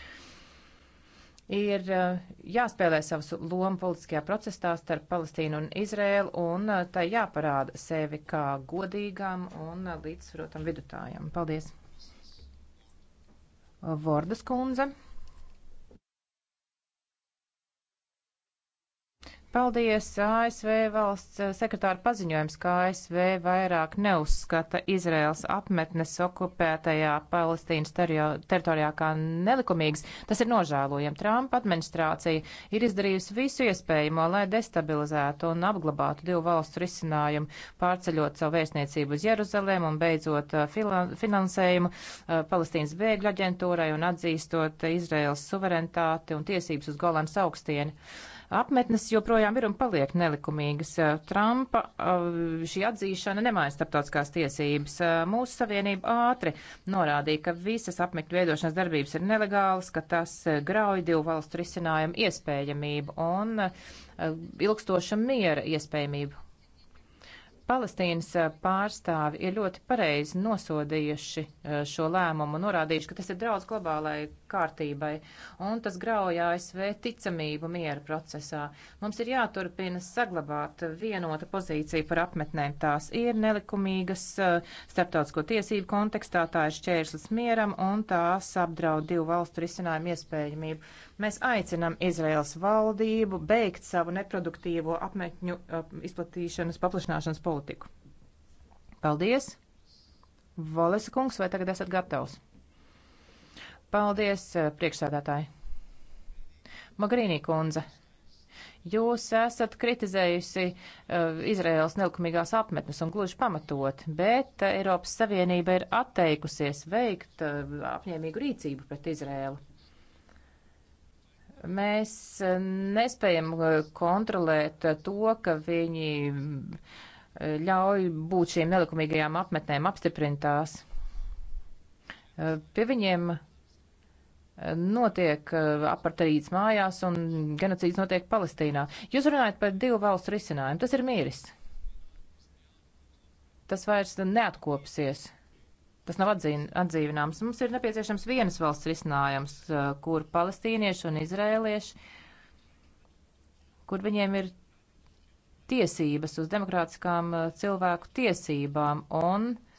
ir eh, jāspēlē savas loma politiskajā procesā starp Palestīnu un Izrēlu, un eh, tai jāparāda sevi kā godīgam un eh, līdzsvarotam vidutājam. Paldies! Vordas kundze. Paldies! ASV valsts eh, sekretāra paziņojums, ka ASV vairāk neuzskata Izraels apmetnes okupētajā Palestīnas teritorijā kā nelikumīgs. Tas ir nožēlojami. Trumpa administrācija ir izdarījusi visu iespējamo, lai destabilizētu un apglabātu divu valstu risinājumu, pārceļot savu vēstniecību uz Jeruzalēm un beidzot eh, finansējumu eh, Palestīnas bēgļu aģentūrai un atzīstot Izraels suverenitāti un tiesības uz Golans augstieni. Apmetnes joprojām ir un paliek nelikumīgas. Eh, Trumpa eh, šī atzīšana nemāja starptautiskās tiesības. Eh, Mūsu savienība ātri norādīja, ka visas apmetņu veidošanas darbības ir nelegālas, ka tas grauj divu valstu risinājumu iespējamību un ilgstoša miera iespējamību Palestīnas eh, pārstāvi ir ļoti pareizi nosodījuši eh, šo lēmumu, norādījuši, ka tas ir draudz globālai kārtībai, un tas grauj ASV ticamību miera procesā. Mums ir jāturpina saglabāt vienota pozīcija par apmetnēm. Tās ir nelikumīgas eh, starptautisko tiesību kontekstā, tā ir šķērslis mieram, un tās apdraud divu valstu risinājumu iespējamību. Mēs aicinām Izraels valdību beigt savu neproduktīvo apmetņu izplatīšanas, paplašināšanas politiku. Paldies! Valesa kungs, vai tagad esat gatavs? Paldies, eh, priekšsēdētāji! Magrīnī kundze, jūs esat kritizējusi uh, Izraels nelikumīgās apmetnes un gluži pamatot, bet eh, Eiropas Savienība ir atteikusies veikt uh, apņēmīgu rīcību pret Izraēlu. Mēs eh, nespējam eh, kontrolēt eh, to, ka viņi ļauj būt šīm nelikumīgajām apmetnēm, apstiprina tās. Pie viņiem notiek apartarīts mājās un genocīds notiek Palestīnā. Jūs runājat par divu valstu risinājumu. Tas ir mīris. Tas vairs neatkopsies. Tas nav atdzīvināms. Mums ir nepieciešams vienas valsts risinājums, uh, kur palestīnieši un izrēlieši, kur viņiem ir tiesības uz demokrātiskām uh, cilvēku tiesībām un uh,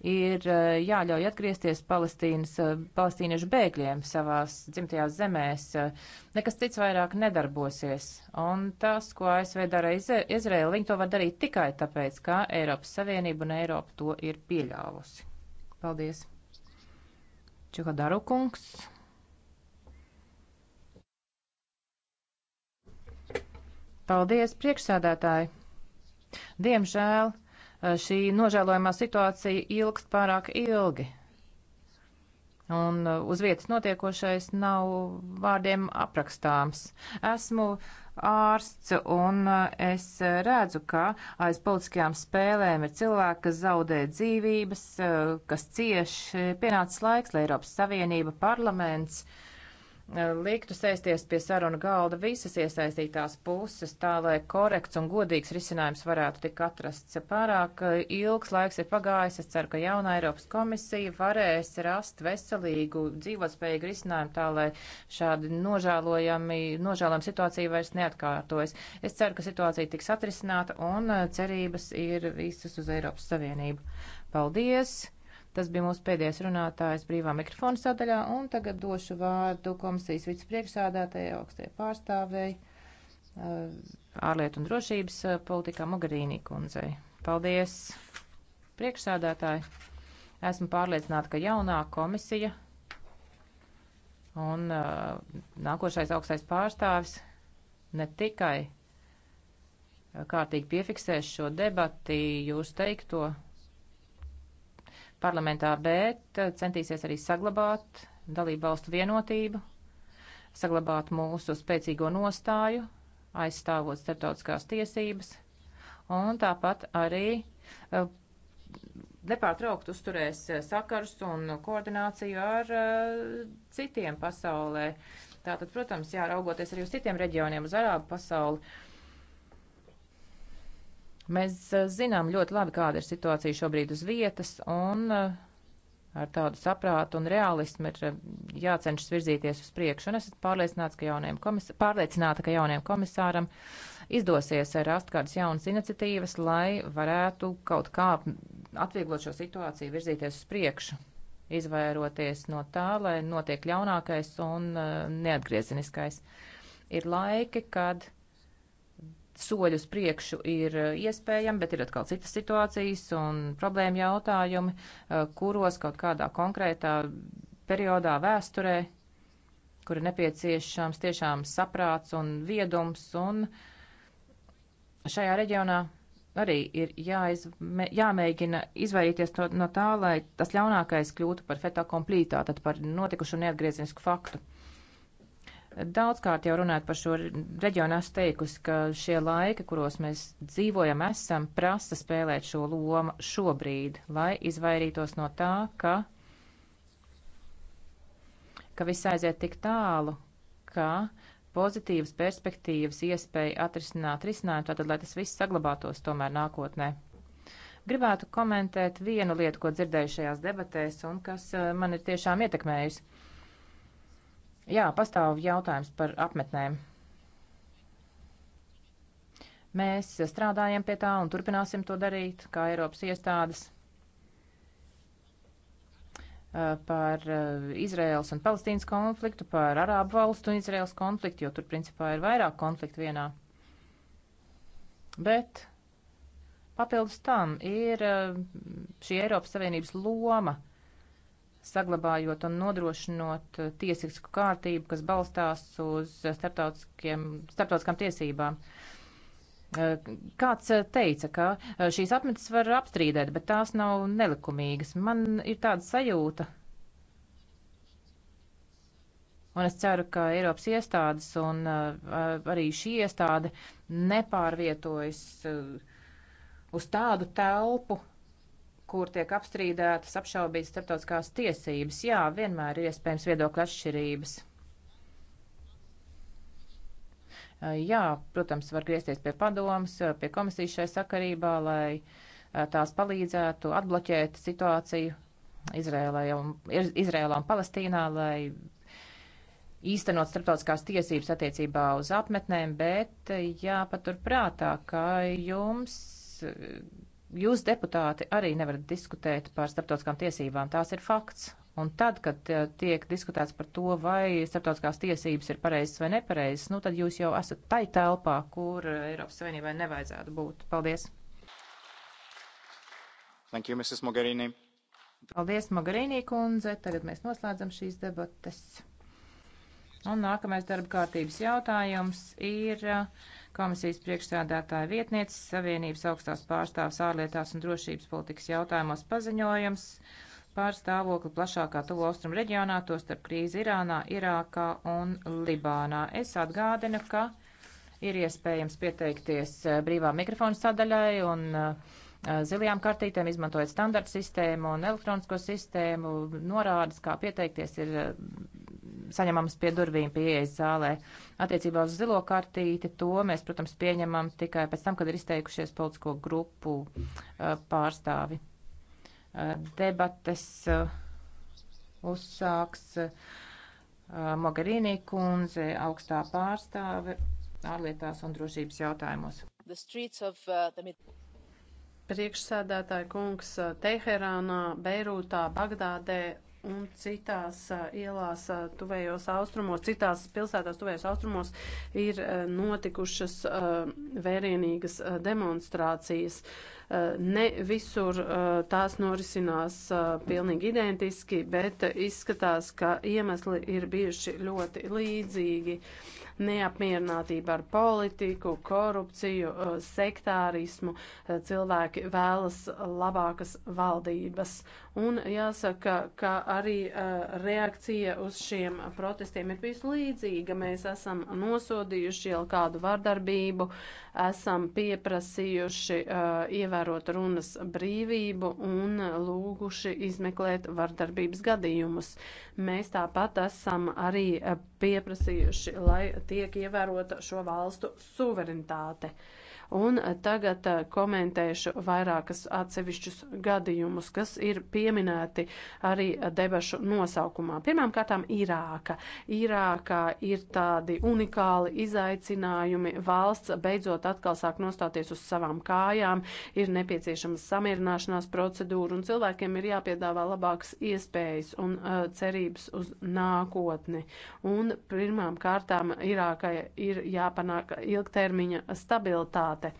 ir eh, jāļauj atgriezties palestīnas, eh, palestīniešu bēgļiem savās dzimtajās zemēs. Eh, nekas cits vairāk nedarbosies. Un tas, ko ASV dara Izraēla, viņi to var darīt tikai tāpēc, ka Eiropas Savienība un Eiropa to ir pieļāvusi. Paldies. Čukadaru kungs. Paldies, priekšsādātāji. Diemžēl. Eh, šī nožēlojamā situācija ilgst pārāk ilgi. Un eh, uz vietas notiekošais nav vārdiem aprakstāms. Esmu ārsts un eh, es redzu, ka aiz politiskajām spēlēm ir cilvēki, kas zaudē dzīvības, kas cieš. Pienācis laiks, lai Eiropas Savienība parlaments uh, liktu sēsties pie saruna galda visas iesaistītās puses, tā lai korekts un godīgs risinājums varētu tik atrasts. Pārāk eh, ilgs laiks ir pagājis, es ceru, ka jaunā Eiropas komisija varēs rast veselīgu, dzīvotspējīgu risinājumu, tā lai šādi nožēlojami, nožēlojami situācija vairs neatkārtojas. Es ceru, ka situācija tiks atrisināta un eh, cerības ir visas uz Eiropas Savienību. Paldies! Tas bija mūsu pēdējais runātājs brīvā mikrofona sadaļā, un tagad došu vārdu komisijas vicepriekšsādātājai, augstajai pārstāvēji, uh, ārlietu un drošības uh, politikā Mogarīnī kundzei. Paldies, priekšsādātāji! Esmu pārliecināta, ka jaunā komisija un uh, nākošais augstais pārstāvis ne tikai uh, kārtīgi piefiksēs šo debati, jūs teikto, parlamentā, bet eh, centīsies arī saglabāt dalību valstu vienotību, saglabāt mūsu spēcīgo nostāju, aizstāvot starptautiskās tiesības un tāpat arī eh, nepārtraukt uzturēs eh, sakars un koordināciju ar citiem pasaulē. Tātad, protams, jāraugoties arī uz citiem reģioniem, uz arābu pasauli. Mēs eh, zinām ļoti labi, kāda ir situācija šobrīd uz vietas, un eh, ar tādu saprātu un realismu ir eh, jācenšas virzīties uz priekšu. Un es esmu pārliecināts, ka jauniem komis pārliecināta, ka jauniem komisāram izdosies rast kādas jaunas iniciatīvas, lai varētu kaut kā atvieglot šo situāciju, virzīties uz priekšu, izvairoties no tā, lai notiek ļaunākais un neatgriezeniskais. Ir laiki, kad soļi uz priekšu ir eh, iespējami, bet ir atkal citas situācijas un problēma jautājumi, eh, kuros kaut kādā konkrētā periodā vēsturē, kur ir nepieciešams tiešām saprāts un viedums, un šajā reģionā arī ir jāizme, jāmēģina izvairīties no, no tā, lai tas ļaunākais kļūtu par fetā komplītā, tad par notikušu neatgriezinisku faktu. Daudzkārt jau runājot par šo reģionu, es teikusi, ka šie laiki, kuros mēs dzīvojam, esam, prasa spēlēt šo lomu šobrīd, lai izvairītos no tā, ka, ka viss aiziet tik tālu, ka pozitīvas perspektīvas iespēja atrisināt risinājumu, tātad, lai tas viss saglabātos tomēr nākotnē. Gribētu komentēt vienu lietu, ko dzirdēju šajās debatēs un kas eh, man ir tiešām ietekmējusi. Jā, pastāv jautājums par apmetnēm. Mēs strādājam pie tā un turpināsim to darīt, kā Eiropas iestādes par Izraels un Palestīnas konfliktu, par Arābu valstu un Izraels konfliktu, jo tur principā ir vairāk konfliktu vienā. Bet papildus tam ir šī Eiropas Savienības loma saglabājot un nodrošinot tiesisku kārtību, kas balstās uz starptautiskām tiesībām. Kāds teica, ka šīs apmetas var apstrīdēt, bet tās nav nelikumīgas. Man ir tāda sajūta, un es ceru, ka Eiropas iestādes un arī šī iestāde nepārvietojas uz tādu telpu, kur tiek apstrīdētas, apšaubītas starptautiskās tiesības. Jā, vienmēr ir iespējams viedokļa atšķirības. Jā, protams, var griezties pie padomas, pie komisijas šai sakarībā, lai tās palīdzētu atbloķēt situāciju Izrēlē un, Izrēlā un Palestīnā, lai īstenot starptautiskās tiesības attiecībā uz apmetnēm, bet jāpaturprātā, ka jums jūs, deputāti, arī nevarat diskutēt par starptautiskām tiesībām. Tās ir fakts. Un tad, kad eh, tiek diskutēts par to, vai starptautiskās tiesības ir pareizas vai nepareizas, nu tad jūs jau esat tai telpā, kur eh, Eiropas Savienībai nevajadzētu būt. Paldies! Thank you, Mrs. Mogherini. Paldies, Mogherini kundze. Tagad mēs noslēdzam šīs debates. Un nākamais darba kārtības jautājums ir eh, komisijas priekšsādātāja vietnieces Savienības augstās pārstāvs ārlietās un drošības politikas jautājumos paziņojums pār stāvokli plašākā tuvo austrumu reģionā, to starp krīzi Irānā, Irākā un Libānā. Es atgādinu, ka ir iespējams pieteikties eh, brīvā mikrofona sadaļai un eh, eh, zilajām kartītēm, izmantojot standarta sistēmu un elektronisko sistēmu. Norādes, kā pieteikties, ir saņemams pie durvīm, pie ieejas zālē. Attiecībā uz zilo kartīti to mēs, protams, pieņemam tikai pēc tam, kad ir izteikušies politisko grupu eh, pārstāvi. Eh, debates eh, uzsāks Mogherini kundze, augstā pārstāve ārlietās un drošības jautājumos. Priekšsēdētāja kungs Teherānā, Beirūtā, Bagdādē un citās ielās tuvējos austrumos, citās pilsētās tuvējos austrumos ir notikušas vērienīgas demonstrācijas. Ne visur tās norisinās pilnīgi identiski, bet izskatās, ka iemesli ir bijuši ļoti līdzīgi. Neapmierinātība ar politiku, korupciju, sektārismu, cilvēki vēlas labākas valdības Un jāsaka, ka arī uh, reakcija uz šiem protestiem ir bijusi līdzīga. Mēs esam nosodījuši jau kādu vardarbību, esam pieprasījuši uh, ievērot runas brīvību un lūguši izmeklēt vardarbības gadījumus. Mēs tāpat esam arī pieprasījuši, lai tiek ievērota šo valstu suverenitāte. Uh, Un eh, tagad eh, komentēšu vairākas atsevišķus gadījumus, kas ir pieminēti arī eh, debašu nosaukumā. Pirmām kārtām Irāka. Irākā ir tādi unikāli izaicinājumi. Valsts beidzot atkal sāk nostāties uz savām kājām, ir nepieciešama samierināšanās procedūra un cilvēkiem ir jāpiedāvā labākas iespējas un uh, cerības uz nākotni. Un pirmām kārtām Irākai ir jāpanāk ilgtermiņa stabilitāte realitāte.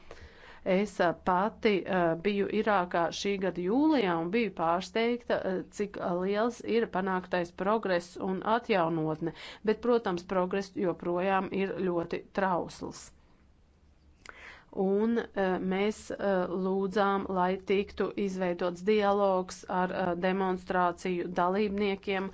Es eh, pati eh, biju Irākā šī gada jūlijā un biju pārsteigta, eh, cik liels ir panāktais progress un atjaunotne, bet, protams, progress joprojām ir ļoti trausls un mēs lūdzām, lai tiktu izveidots dialogs ar demonstrāciju dalībniekiem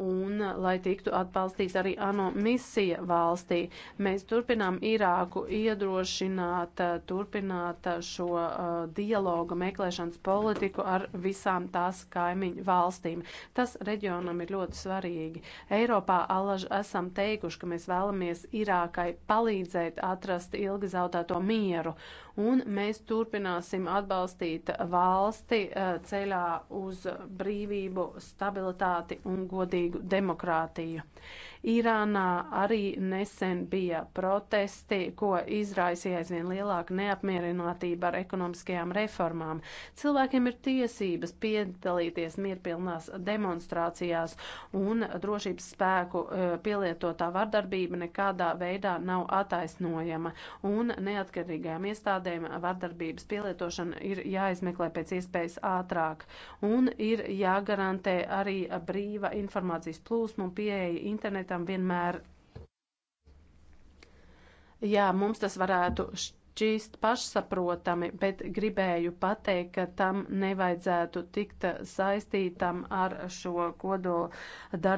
un lai tiktu atbalstīts arī ANO misija valstī. Mēs turpinām Irāku iedrošināt, eh, turpināt eh, šo uh, dialogu meklēšanas politiku ar visām tās kaimiņu valstīm. Tas reģionam ir ļoti svarīgi. Eiropā alaži esam teikuši, ka mēs vēlamies Irākai palīdzēt atrast ilgi zaudēto mieru, un mēs turpināsim atbalstīt valsti uh, ceļā uz brīvību, stabilitāti un godību spēcīgu demokrātiju. Irānā arī nesen bija protesti, ko izraisīja aizvien lielāka neapmierinātība ar ekonomiskajām reformām. Cilvēkiem ir tiesības piedalīties mierpilnās demonstrācijās, un drošības spēku eh, pielietotā vardarbība nekādā veidā nav attaisnojama, un neatkarīgajām iestādēm vardarbības pielietošana ir jāizmeklē pēc iespējas ātrāk, un ir jāgarantē arī brīva informācijas plūsma un pieeja internetu lietām vienmēr. Jā, mums tas varētu šķīst pašsaprotami, bet gribēju pateikt, ka tam nevajadzētu tikt saistītam ar šo kodolu darījumu.